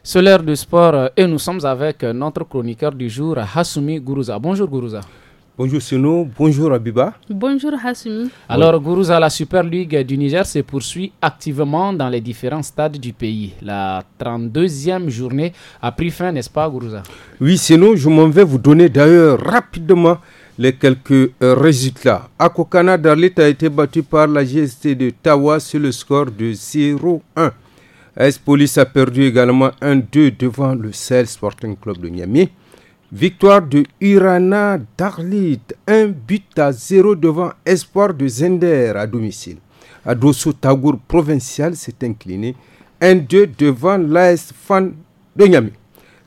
C'est l'heure du sport euh, et nous sommes avec euh, notre chroniqueur du jour, Hassoumi Gourouza. Bonjour Gourouza. Bonjour Sino, bonjour Abiba. Bonjour Hassoumi. Alors Gourouza, la Super League du Niger se poursuit activement dans les différents stades du pays. La 32e journée a pris fin, n'est-ce pas Gourouza Oui Sino, je m'en vais vous donner d'ailleurs rapidement les quelques euh, résultats. Akokana d'Alit a été battu par la GST de Tawa sur le score de 0-1. AS Police a perdu également 1-2 devant le SEL Sporting Club de Niamey. Victoire de Urana Darlit, 1 but à 0 devant Espoir de Zender à domicile. Adosso Tagour Provincial s'est incliné 1-2 devant l'AS Fan de Niamey.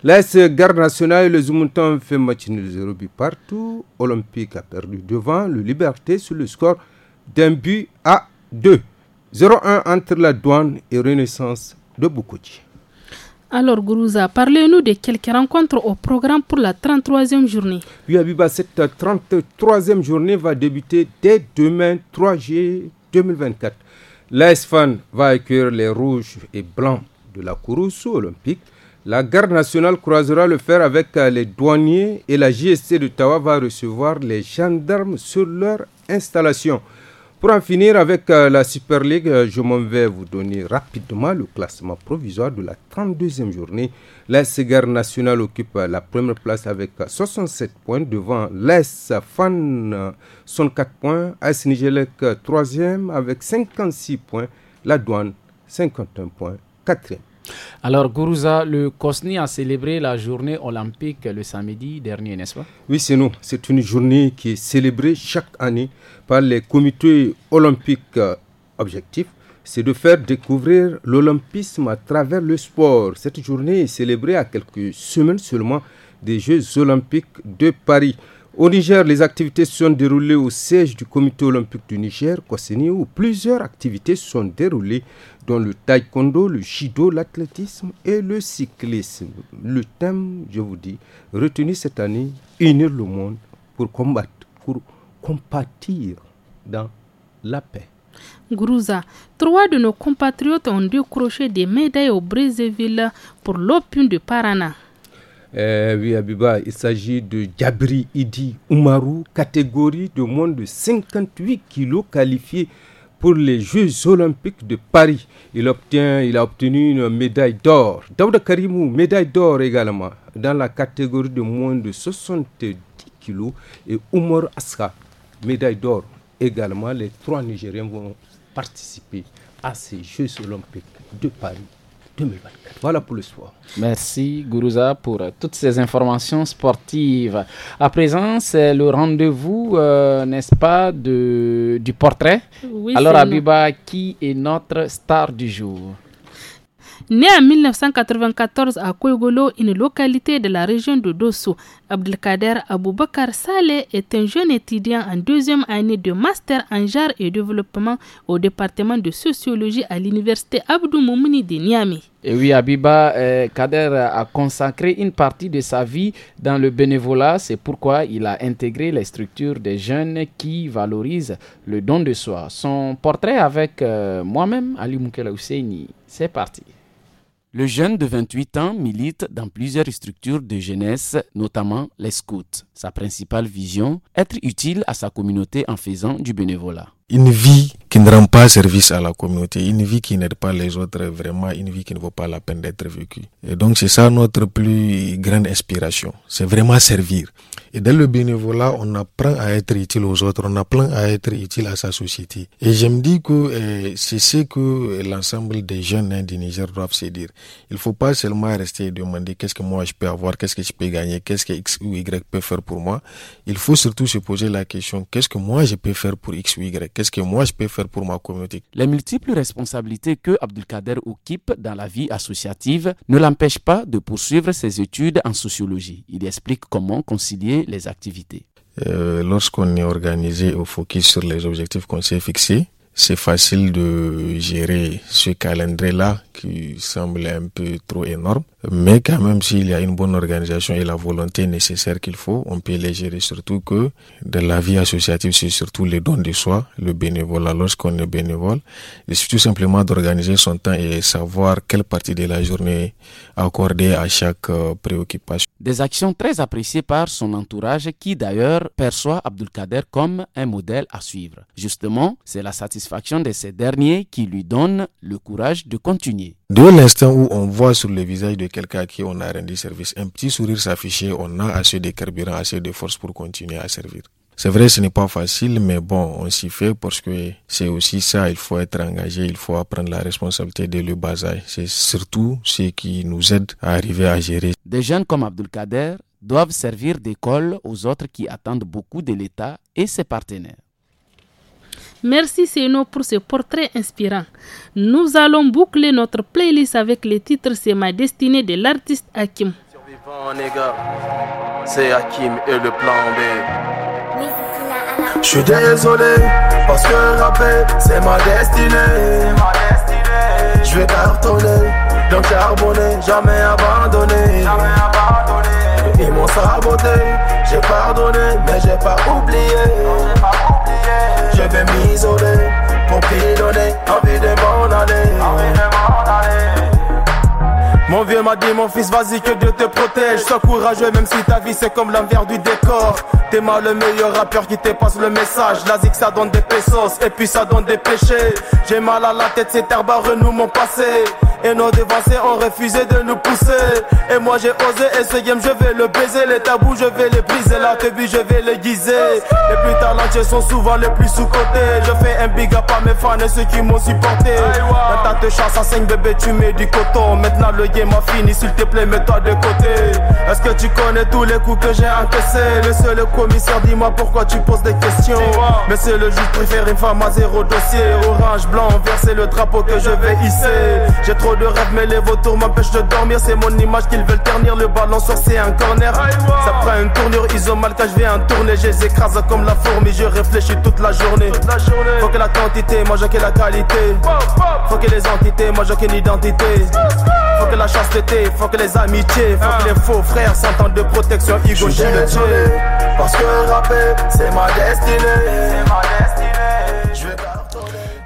L'AS Garde Nationale et le Zumontan fait match nul 0 but partout. Olympique a perdu devant le Liberté sur le score d'un but à 2. 0-1 entre la douane et Renaissance de Alors Gourouza, parlez-nous de quelques rencontres au programme pour la 33e journée. Oui Abiba, cette 33e journée va débuter dès demain 3 juillet 2024. L'ASFAN va accueillir les rouges et blancs de la course olympique. La garde nationale croisera le fer avec euh, les douaniers et la JSC de va recevoir les gendarmes sur leur installation. Pour en finir avec euh, la Super League, euh, je m'en vais vous donner rapidement le classement provisoire de la 32e journée. La L'AS National occupe euh, la première place avec 67 points devant l'AS Fan 64 points, AS Nigelec 3e avec 56 points, la Douane 51 points, 4e. Alors, Gourouza, le COSNI a célébré la journée olympique le samedi dernier, n'est-ce pas Oui, c'est nous. C'est une journée qui est célébrée chaque année par les comités olympiques euh, Objectif, c'est de faire découvrir l'olympisme à travers le sport. Cette journée est célébrée à quelques semaines seulement des Jeux olympiques de Paris. Au Niger, les activités se sont déroulées au siège du Comité olympique du Niger, où plusieurs activités se sont déroulées, dont le taekwondo, le judo, l'athlétisme et le cyclisme. Le thème, je vous dis, retenu cette année, unir le monde pour combattre, pour compatir dans la paix. Grouza. Trois de nos compatriotes ont décroché des médailles au Brésil pour l'Opium de Parana. Euh, oui, Abiba, il s'agit de Jabri Idi Umaru, catégorie de moins de 58 kilos qualifié pour les Jeux Olympiques de Paris. Il, obtient, il a obtenu une médaille d'or. Daouda Karimou, médaille d'or également, dans la catégorie de moins de 70 kilos. Et Oumar Asra, médaille d'or également. Les trois Nigériens vont participer à ces Jeux Olympiques de Paris voilà pour le soir. Merci Guruza pour euh, toutes ces informations sportives. À présent, c'est le rendez-vous, euh, n'est-ce pas, de, du portrait. Oui, Alors Abiba, qui est notre star du jour Né en 1994 à Koigolo, une localité de la région de Dosso, Abdelkader Aboubakar Saleh est un jeune étudiant en deuxième année de master en genre et développement au département de sociologie à l'université Abdou Moumouni de Niamey. Et oui, Abiba euh, Kader a consacré une partie de sa vie dans le bénévolat. C'est pourquoi il a intégré les structures des jeunes qui valorisent le don de soi. Son portrait avec euh, moi-même, Ali Moukela Ousseini. C'est parti. Le jeune de 28 ans milite dans plusieurs structures de jeunesse, notamment les scouts. Sa principale vision, être utile à sa communauté en faisant du bénévolat. Une vie qui ne rend pas service à la communauté, une vie qui n'aide pas les autres, vraiment une vie qui ne vaut pas la peine d'être vécue. Et donc c'est ça notre plus grande inspiration, c'est vraiment servir. Et dans le bénévolat, on apprend à être utile aux autres, on apprend à être utile à sa société. Et je me dis que eh, c'est ce que l'ensemble des jeunes hein, doivent se dire. Il ne faut pas seulement rester et demander qu'est-ce que moi je peux avoir, qu'est-ce que je peux gagner, qu'est-ce que X ou Y peut faire pour moi. Il faut surtout se poser la question qu'est-ce que moi je peux faire pour X ou Y, qu'est-ce que moi je peux faire pour ma communauté. Les multiples responsabilités que Abdelkader occupe dans la vie associative ne l'empêchent pas de poursuivre ses études en sociologie. Il explique comment concilier les activités. Euh, lorsqu'on est organisé au focus sur les objectifs qu'on s'est fixés, c'est facile de gérer ce calendrier-là qui semble un peu trop énorme. Mais quand même, s'il y a une bonne organisation et la volonté nécessaire qu'il faut, on peut les gérer. Surtout que dans la vie associative, c'est surtout les dons de soi, le bénévolat. Lorsqu'on est bénévole, il suffit tout simplement d'organiser son temps et savoir quelle partie de la journée accorder à chaque euh, préoccupation. Des actions très appréciées par son entourage qui d'ailleurs perçoit Abdulkader comme un modèle à suivre. Justement, c'est la satisfaction de ces derniers qui lui donne le courage de continuer. De l'instant où on voit sur le visage de quelqu'un à qui on a rendu service un petit sourire s'afficher, on a assez de carburant, assez de force pour continuer à servir. C'est vrai, ce n'est pas facile, mais bon, on s'y fait parce que c'est aussi ça, il faut être engagé, il faut apprendre la responsabilité de le bazar. C'est surtout ce qui nous aide à arriver à gérer. Des jeunes comme Abdul Kader doivent servir d'école aux autres qui attendent beaucoup de l'État et ses partenaires. Merci Seno pour ce portrait inspirant. Nous allons boucler notre playlist avec le titre C'est ma destinée de l'artiste Hakim. C'est Hakim et le plan B. Je suis désolé parce que rapper c'est ma destinée. Je vais cartonner, donc charbonner, jamais abandonné. Ils m'ont saboté, j'ai pardonné, mais j'ai pas oublié. Je vais m'isoler, pour pilonner, envie de m'en aller. Mon vieux m'a dit mon fils vas-y que Dieu te protège Sois courageux même si ta vie c'est comme l'envers du décor T'es mal le meilleur rappeur qui te passe le message La ça donne des pesos et puis ça donne des péchés J'ai mal à la tête terres barres nous mon passé Et nos dévancés ont refusé de nous pousser Et moi j'ai osé et ce game je vais le baiser Les tabous je vais les briser La tebu je vais les guiser Les plus talentueux sont souvent les plus sous-cotés Je fais un big up à mes fans et ceux qui m'ont supporté tas te chasse à 5 bébé tu mets du coton Maintenant le ma fini, s'il te plaît, mets-toi de côté. Est-ce que tu connais tous les coups que j'ai encaissés Le seul commissaire, dis-moi pourquoi tu poses des questions. Mais c'est le juge préfère une femme à zéro dossier. Orange, blanc, vert, c'est le drapeau que je vais hisser. J'ai trop de rêves, mais les vautours m'empêchent de dormir. C'est mon image qu'ils veulent ternir. Le ballon sur c'est un corner. Ça prend une tournure, ils quand je viens en tourner. Je les écrase comme la fourmi, je réfléchis toute la journée. Faut que la quantité, moi j'ai la qualité. Faut que les entités, moi j'ai qu'une identité. Faut que la chasteté, faut que les amitiés, faut que les faux frères s'entendent de protection. Hugo, je le désolé, Parce que rapper, c'est ma destinée. C'est ma destinée. Je vais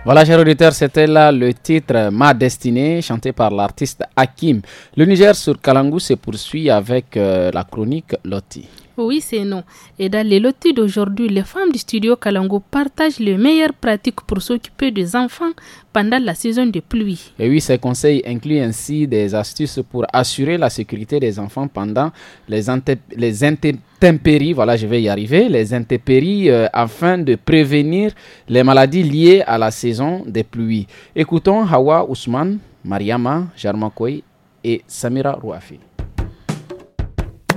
voilà, chers auditeurs, c'était là le titre Ma Destinée, chanté par l'artiste Hakim. Le Niger sur Kalangu se poursuit avec euh, la chronique Lotti. Oui, c'est non. Et dans les lotis d'aujourd'hui, les femmes du studio Kalango partagent les meilleures pratiques pour s'occuper des enfants pendant la saison de pluie. Et oui, ces conseils incluent ainsi des astuces pour assurer la sécurité des enfants pendant les, intempéries, voilà, je vais y arriver, les intempéries euh, afin de prévenir les maladies liées à la saison des pluies. Écoutons Hawa Ousmane, Mariama Jarmakoy et Samira Rouafi.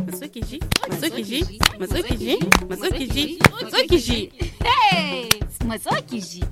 Masukiji, Masukiji, ji Maso Kiji, Hey! Masaki-ji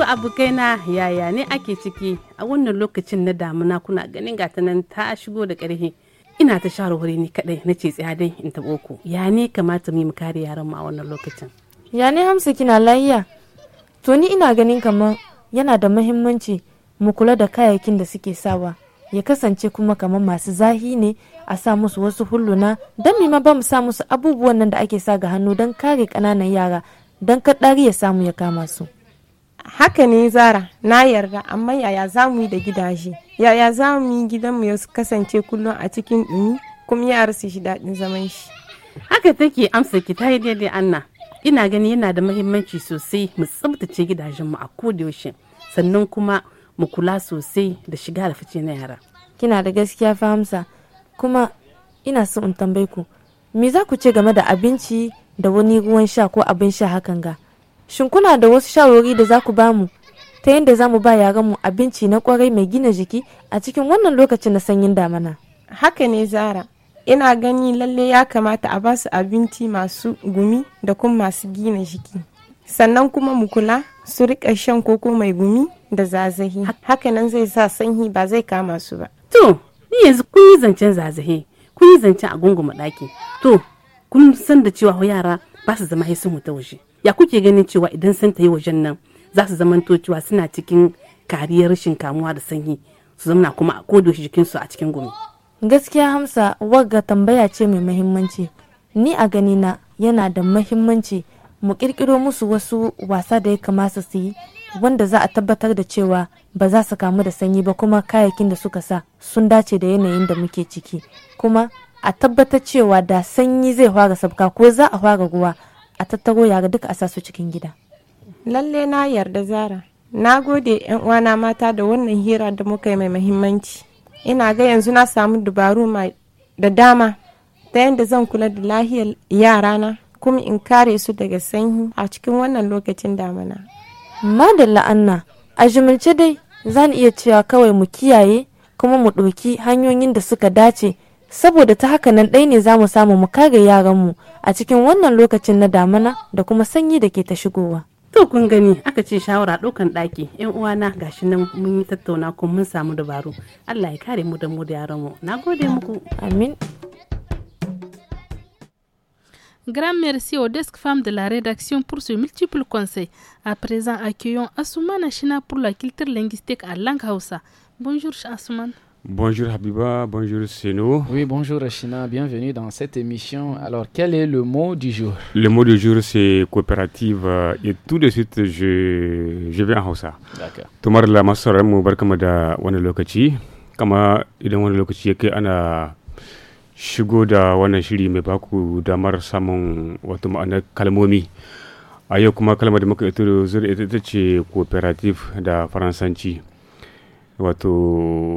ku abokaina yaya ne ake ciki a wannan lokacin na damuna kuna ganin gata nan ta shigo da ƙarfi ina ta shawarwari ni kadai na ce tsaya dai in taɓo ku ya ne kamata mu kare yaran ma a wannan lokacin ya ne hamsa kina lahiya to ni ina ganin kamar yana da muhimmanci mu kula da kayayyakin da suke sawa ya kasance kuma kamar masu zahi ne a sa musu wasu hulluna don mima ba mu sa musu abubuwan nan da ake sa ga hannu don kare kananan yara don kaɗari ya samu ya kama su. haka ne zara na yarda amma yaya za mu yi da gidaje yaya za mu yi gidanmu ya kasance kullum a cikin dumi kuma yara su shi daɗin zaman shi haka take amsa ki ta yi daidai anna ina gani yana da mahimmanci sosai mu tsabtace gidajenmu a kodayaushe sannan kuma mu kula sosai da shiga da fice na yara kina da gaskiya fahimsa kuma ina so in tambaye ku me za ku ce game da abinci da wani ruwan sha ko abin sha hakan ga Shin kuna da wasu shawarwari da za ku ba mu ta yadda za mu ba yaran mu abinci na kwarai mai gina jiki a cikin wannan lokacin na sanyin damana? Haka ne Zara, ina gani lalle ya kamata a ba su abinci masu gumi da kuma masu gina jiki. Sannan kuma mu kula su riƙa shan koko mai gumi da zazahi. Hakanan zai sa sanyi ba zai kama su ba. To, ni yanzu kun yi zancen zazahi, kun yi zancen a gungun ɗaki. To, kun san da cewa yara ba su zama sun ta waje. ya kuke ganin cewa idan sun ta yi wajen nan za su zama cewa suna cikin kariyar rashin kamuwa da sanyi su zamana kuma a kodo jikinsu a cikin gumi gaskiya hamsa wagga tambaya ce mai mahimmanci ni a ganina yana da mahimmanci mu kirkiro musu wasu wasa da ya kamata su yi wanda za a tabbatar da cewa ba za su kamu da sanyi ba kuma kayayyakin da suka sa sun dace da yanayin da muke ciki kuma a tabbatar cewa da sanyi zai fara sabka ko za a fara ruwa a tattaro yara duka a sasu cikin gida lalle na yarda zara na gode yan uwana mata da wannan hira da muka yi mai mahimmanci ina ga yanzu na samu dabaru mai da dama ta yadda zan kula da lahiyar yarana kuma in kare su daga sanyi a cikin wannan lokacin damana madalla anna a jimilce dai zan iya cewa kawai mu kiyaye kuma mu ɗoki hanyoyin da suka dace saboda ta haka nan ɗaya ne za mu samu mu kare mu a cikin wannan lokacin na damana da kuma sanyi da ke ta shigowa. To kun gani aka ce shawara ɗaukan ɗaki ‘yan uwana gashi nan mun yi tattauna kuma mun samu dabaru. Allah ya kare mu da mu da yaranmu. Na gode muku. Amin. Grand merci aux desk femmes de la rédaction pour ce multiple conseil. À présent, accueillons Assoumana shina pour la culture linguistique à hausa Bonjour Assoumana. Bonjour Habiba, bonjour Seno. Oui, bonjour Rachina, bienvenue dans cette émission. Alors, quel est le mot du jour Le mot du jour, c'est coopérative. Euh, et tout de suite, je, je vais en Hausa. D'accord. Tumar la masarar mu barkama da wani lokaci. Kama idan wani lokaci yake ana shigo da wannan shiri mai baku damar samun wata ma'ana kalmomi. A yau kuma kalmar da muka ita ce coopérative da Faransanci. wato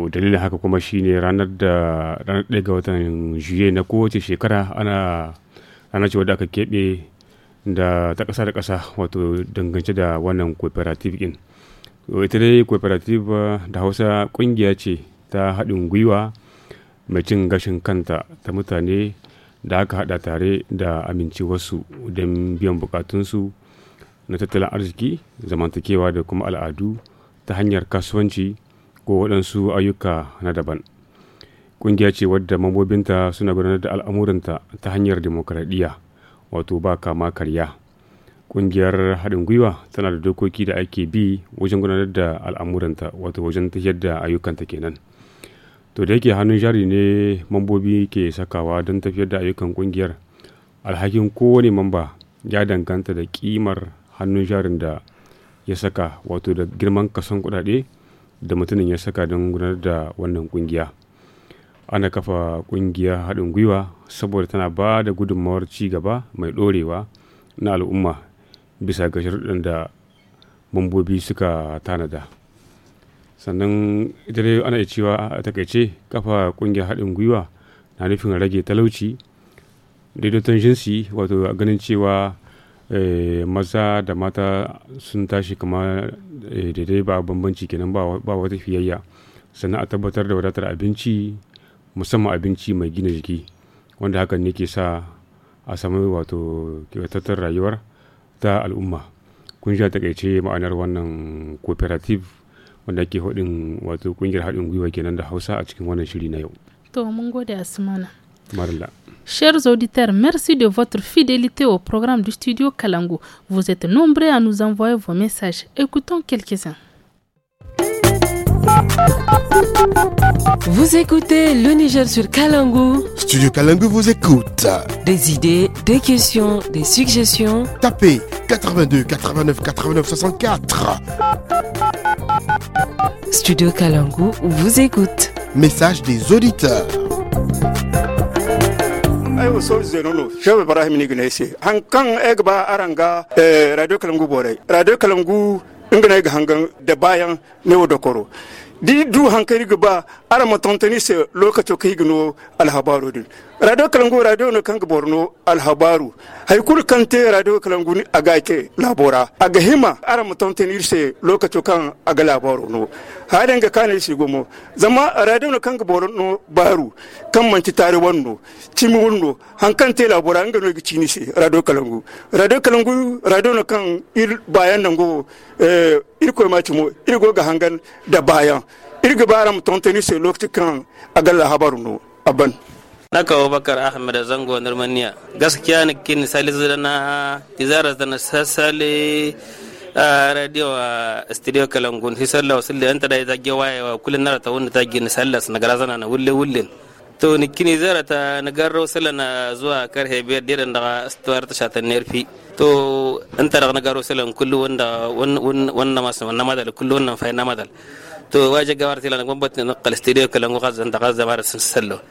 dalilin haka kuma shine ranar da ranar ɗaya ga watan juye na kowace shekara ana ranar ce da aka keɓe da ta ƙasa da ƙasa wato dangance da wannan cooperative in ita dai cooperative eh, da hausa ƙungiya ce ta haɗin gwiwa mai cin gashin kanta ta mutane da aka haɗa tare da amincewarsu don biyan bukatunsu na tattalin arziki zamantakewa da kuma al'adu ta hanyar kasuwanci ko waɗansu ayyuka na daban ƙungiya ce wadda mambobinta suna gudanar da al'amuranta ta hanyar demokradiyya wato ba kama karya ƙungiyar haɗin gwiwa tana da dokoki da ake bi wajen gudanar da al'amuranta wato wajen tafiyar da ayyukanta kenan to da yake hannun jari ne mambobi ke sakawa don tafiyar da ayyukan ƙungiyar alhakin kowane mamba ya danganta da kimar hannun jarin da ya saka wato da girman kason kuɗaɗe da mutumin ya saka don gudanar da wannan kungiya ana kafa kungiya haɗin gwiwa saboda tana ba da gudunmawar ci gaba mai ɗorewa na al'umma bisa ga shirɗin da mambobi suka tanada sannan ita dai ana iya cewa a takaice kafa kungiyar haɗin gwiwa na nufin rage talauci daidaiton jinsi wato ganin cewa Eh, maza da mata sun tashi kama eh, daidai ba bambanci kenan ba wata fiyayya sannan a tabbatar da wadatar abinci musamman abinci mai gina jiki wanda hakan ne ke sa a sami wato kyautattar rayuwar ta al'umma kun sha takaice ma'anar wannan cooperative wanda ke haɗin wato kungiyar haɗin gwiwa kenan da hausa a cikin wannan shiri na yau to mun gode asmana marla Chers auditeurs, merci de votre fidélité au programme du studio Kalangu. Vous êtes nombreux à nous envoyer vos messages. Écoutons quelques-uns. Vous écoutez le Niger sur Kalangu. Studio Kalangu vous écoute. Des idées, des questions, des suggestions. Tapez 82 89 89 64. Studio Kalangu vous écoute. Message des auditeurs. ay o so zenono shew ibrahim ni gine se han kan egba aranga eh, radio kalangu bore radio kalangu ingana ga hangan da bayan ne wo dokoro di du hankali gaba ara matontani se lokaci kai gino din radio kalangu radio no kanga borno alhabaru haikul kante radio kalangu ni aga ke labora aga hima ara mutonten irse lokaco kan aga labaru no hadan ga kana shi gumo zama radio no kanga borno baru kan manci tare wanno cimi wanno hankan labora anga no gici se radio kalangu radio kalangu radio no kan ir bayan nan go eh il ko ma cimo il go ga hangan da bayan irga bara mutonten irse lokaci kan aga labaru no aban naka abubakar ahmed zango nirmaniya gaskiya ni kin sali zana tizara zana sasale a radio a studio kalangun fi sallah wasu da yanta da ya zage wayewa kullum nara ta wunda ta gini sallah su nagara zana na wulle wulle to ni kini zara ta nagar rosala na zuwa karhe biyar da daga stuwar ta shatan nerfi to an ta daga nagar rosala kullu wanda wannan masu na madal kullu wannan fai na madal to waje gawar tilan gwamnati na kal studio kalangun gazan da gazan da mara sun sallah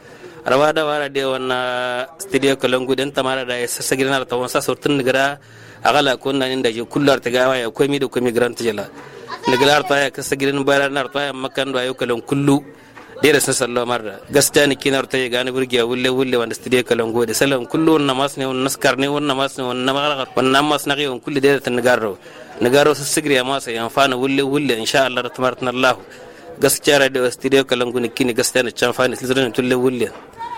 armada wara de wanna studio kolongu den tamara da sassa girna da tawansa sortin nigara agala kunna ninda je kullar ta gawa ya komi da komi grant jela nigalar ta ya kasa girin bayar na ta makan da ayo kolon kullu de da sun sallo marra gaskiya ni kinar ta ya gani burgi ya wulle wulle wanda studio kolongu da salon kullu wannan mas ne wannan skar ne wannan mas ne wannan magana wannan mas na giyon kullu de da tan nigaro nigaro sassigri ya masa ya amfana wulle wulle insha Allah tabarakna Allah gaskiya radio studio kolongu ni kini gaskiya ne can fani tilzrin tulle wulle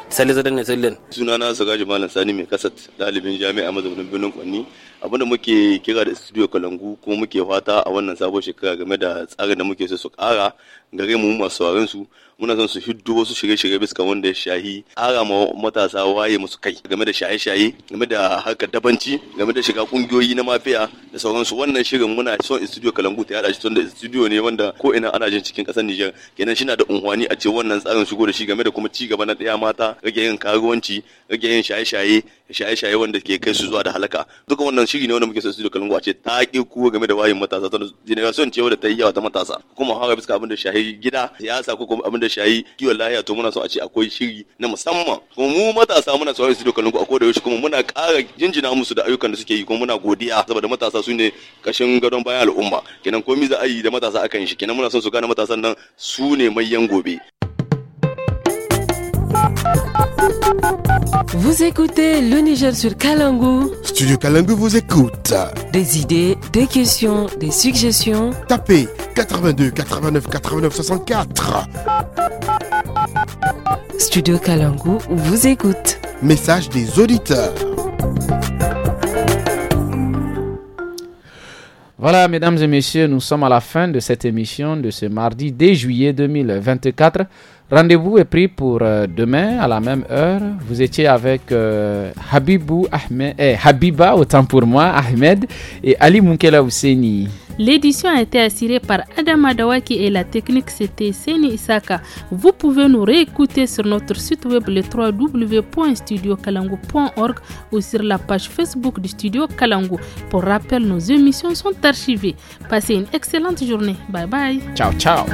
salizadin ne sallin sunana sagaji malam sani mai kasat ɗalibin jami'a mazaunin birnin kwanni abin da muke kira da studio kalangu kuma muke fata a wannan sabon shekara game da tsarin da muke so su kara gare mu masu sauraron su muna son su hiddo wasu shirye-shirye bisa wanda ya shahi ara ma matasa waye musu kai game da shaye-shaye game da harkar dabanci game da shiga kungiyoyi na mafiya da sauransu wannan shirin muna son studio kalangu ta yada shi tunda studio ne wanda ko ina ana jin cikin kasar Niger kenan shi na da unhwani a ce wannan tsarin shigo da shi game da kuma ci gaba na daya mata rage yin karuwanci rage yin shaye-shaye shaye-shaye wanda ke kai su zuwa da halaka duka wannan shiri ne wanda muke so su da kalungu a ce ta ki kuwa game da wayin matasa ta generation ce wadda ta yi yawa ta matasa kuma haka bisa abin da shahi gida siyasa ko kuma abin da shahi kiwon lahiya to muna so a ce akwai shiri na musamman kuma mu matasa muna so su da kalungu a koda yaushe kuma muna ƙara jinjina musu da ayyukan da suke yi kuma muna godiya saboda matasa su ne kashin gadon bayan al'umma kenan komai za a yi da matasa akan shi kenan muna son su gane matasan nan su ne manyan gobe Vous écoutez le Niger sur Kalangu. Studio Kalangu vous écoute. Des idées, des questions, des suggestions. Tapez 82 89 89 64. Studio Kalangu vous écoute. Message des auditeurs. Voilà, mesdames et messieurs, nous sommes à la fin de cette émission de ce mardi 10 juillet 2024. Rendez-vous est pris pour euh, demain à la même heure. Vous étiez avec euh, Habibou Ahmed, et eh, Habiba, autant pour moi, Ahmed et Ali Moukela Ouseni. L'édition a été assurée par Adam Adawaki et la technique c'était Seni Isaka. Vous pouvez nous réécouter sur notre site web le www.studiokalangu.org ou sur la page Facebook du Studio Kalango. Pour rappel, nos émissions sont archivées. Passez une excellente journée. Bye bye. Ciao, ciao.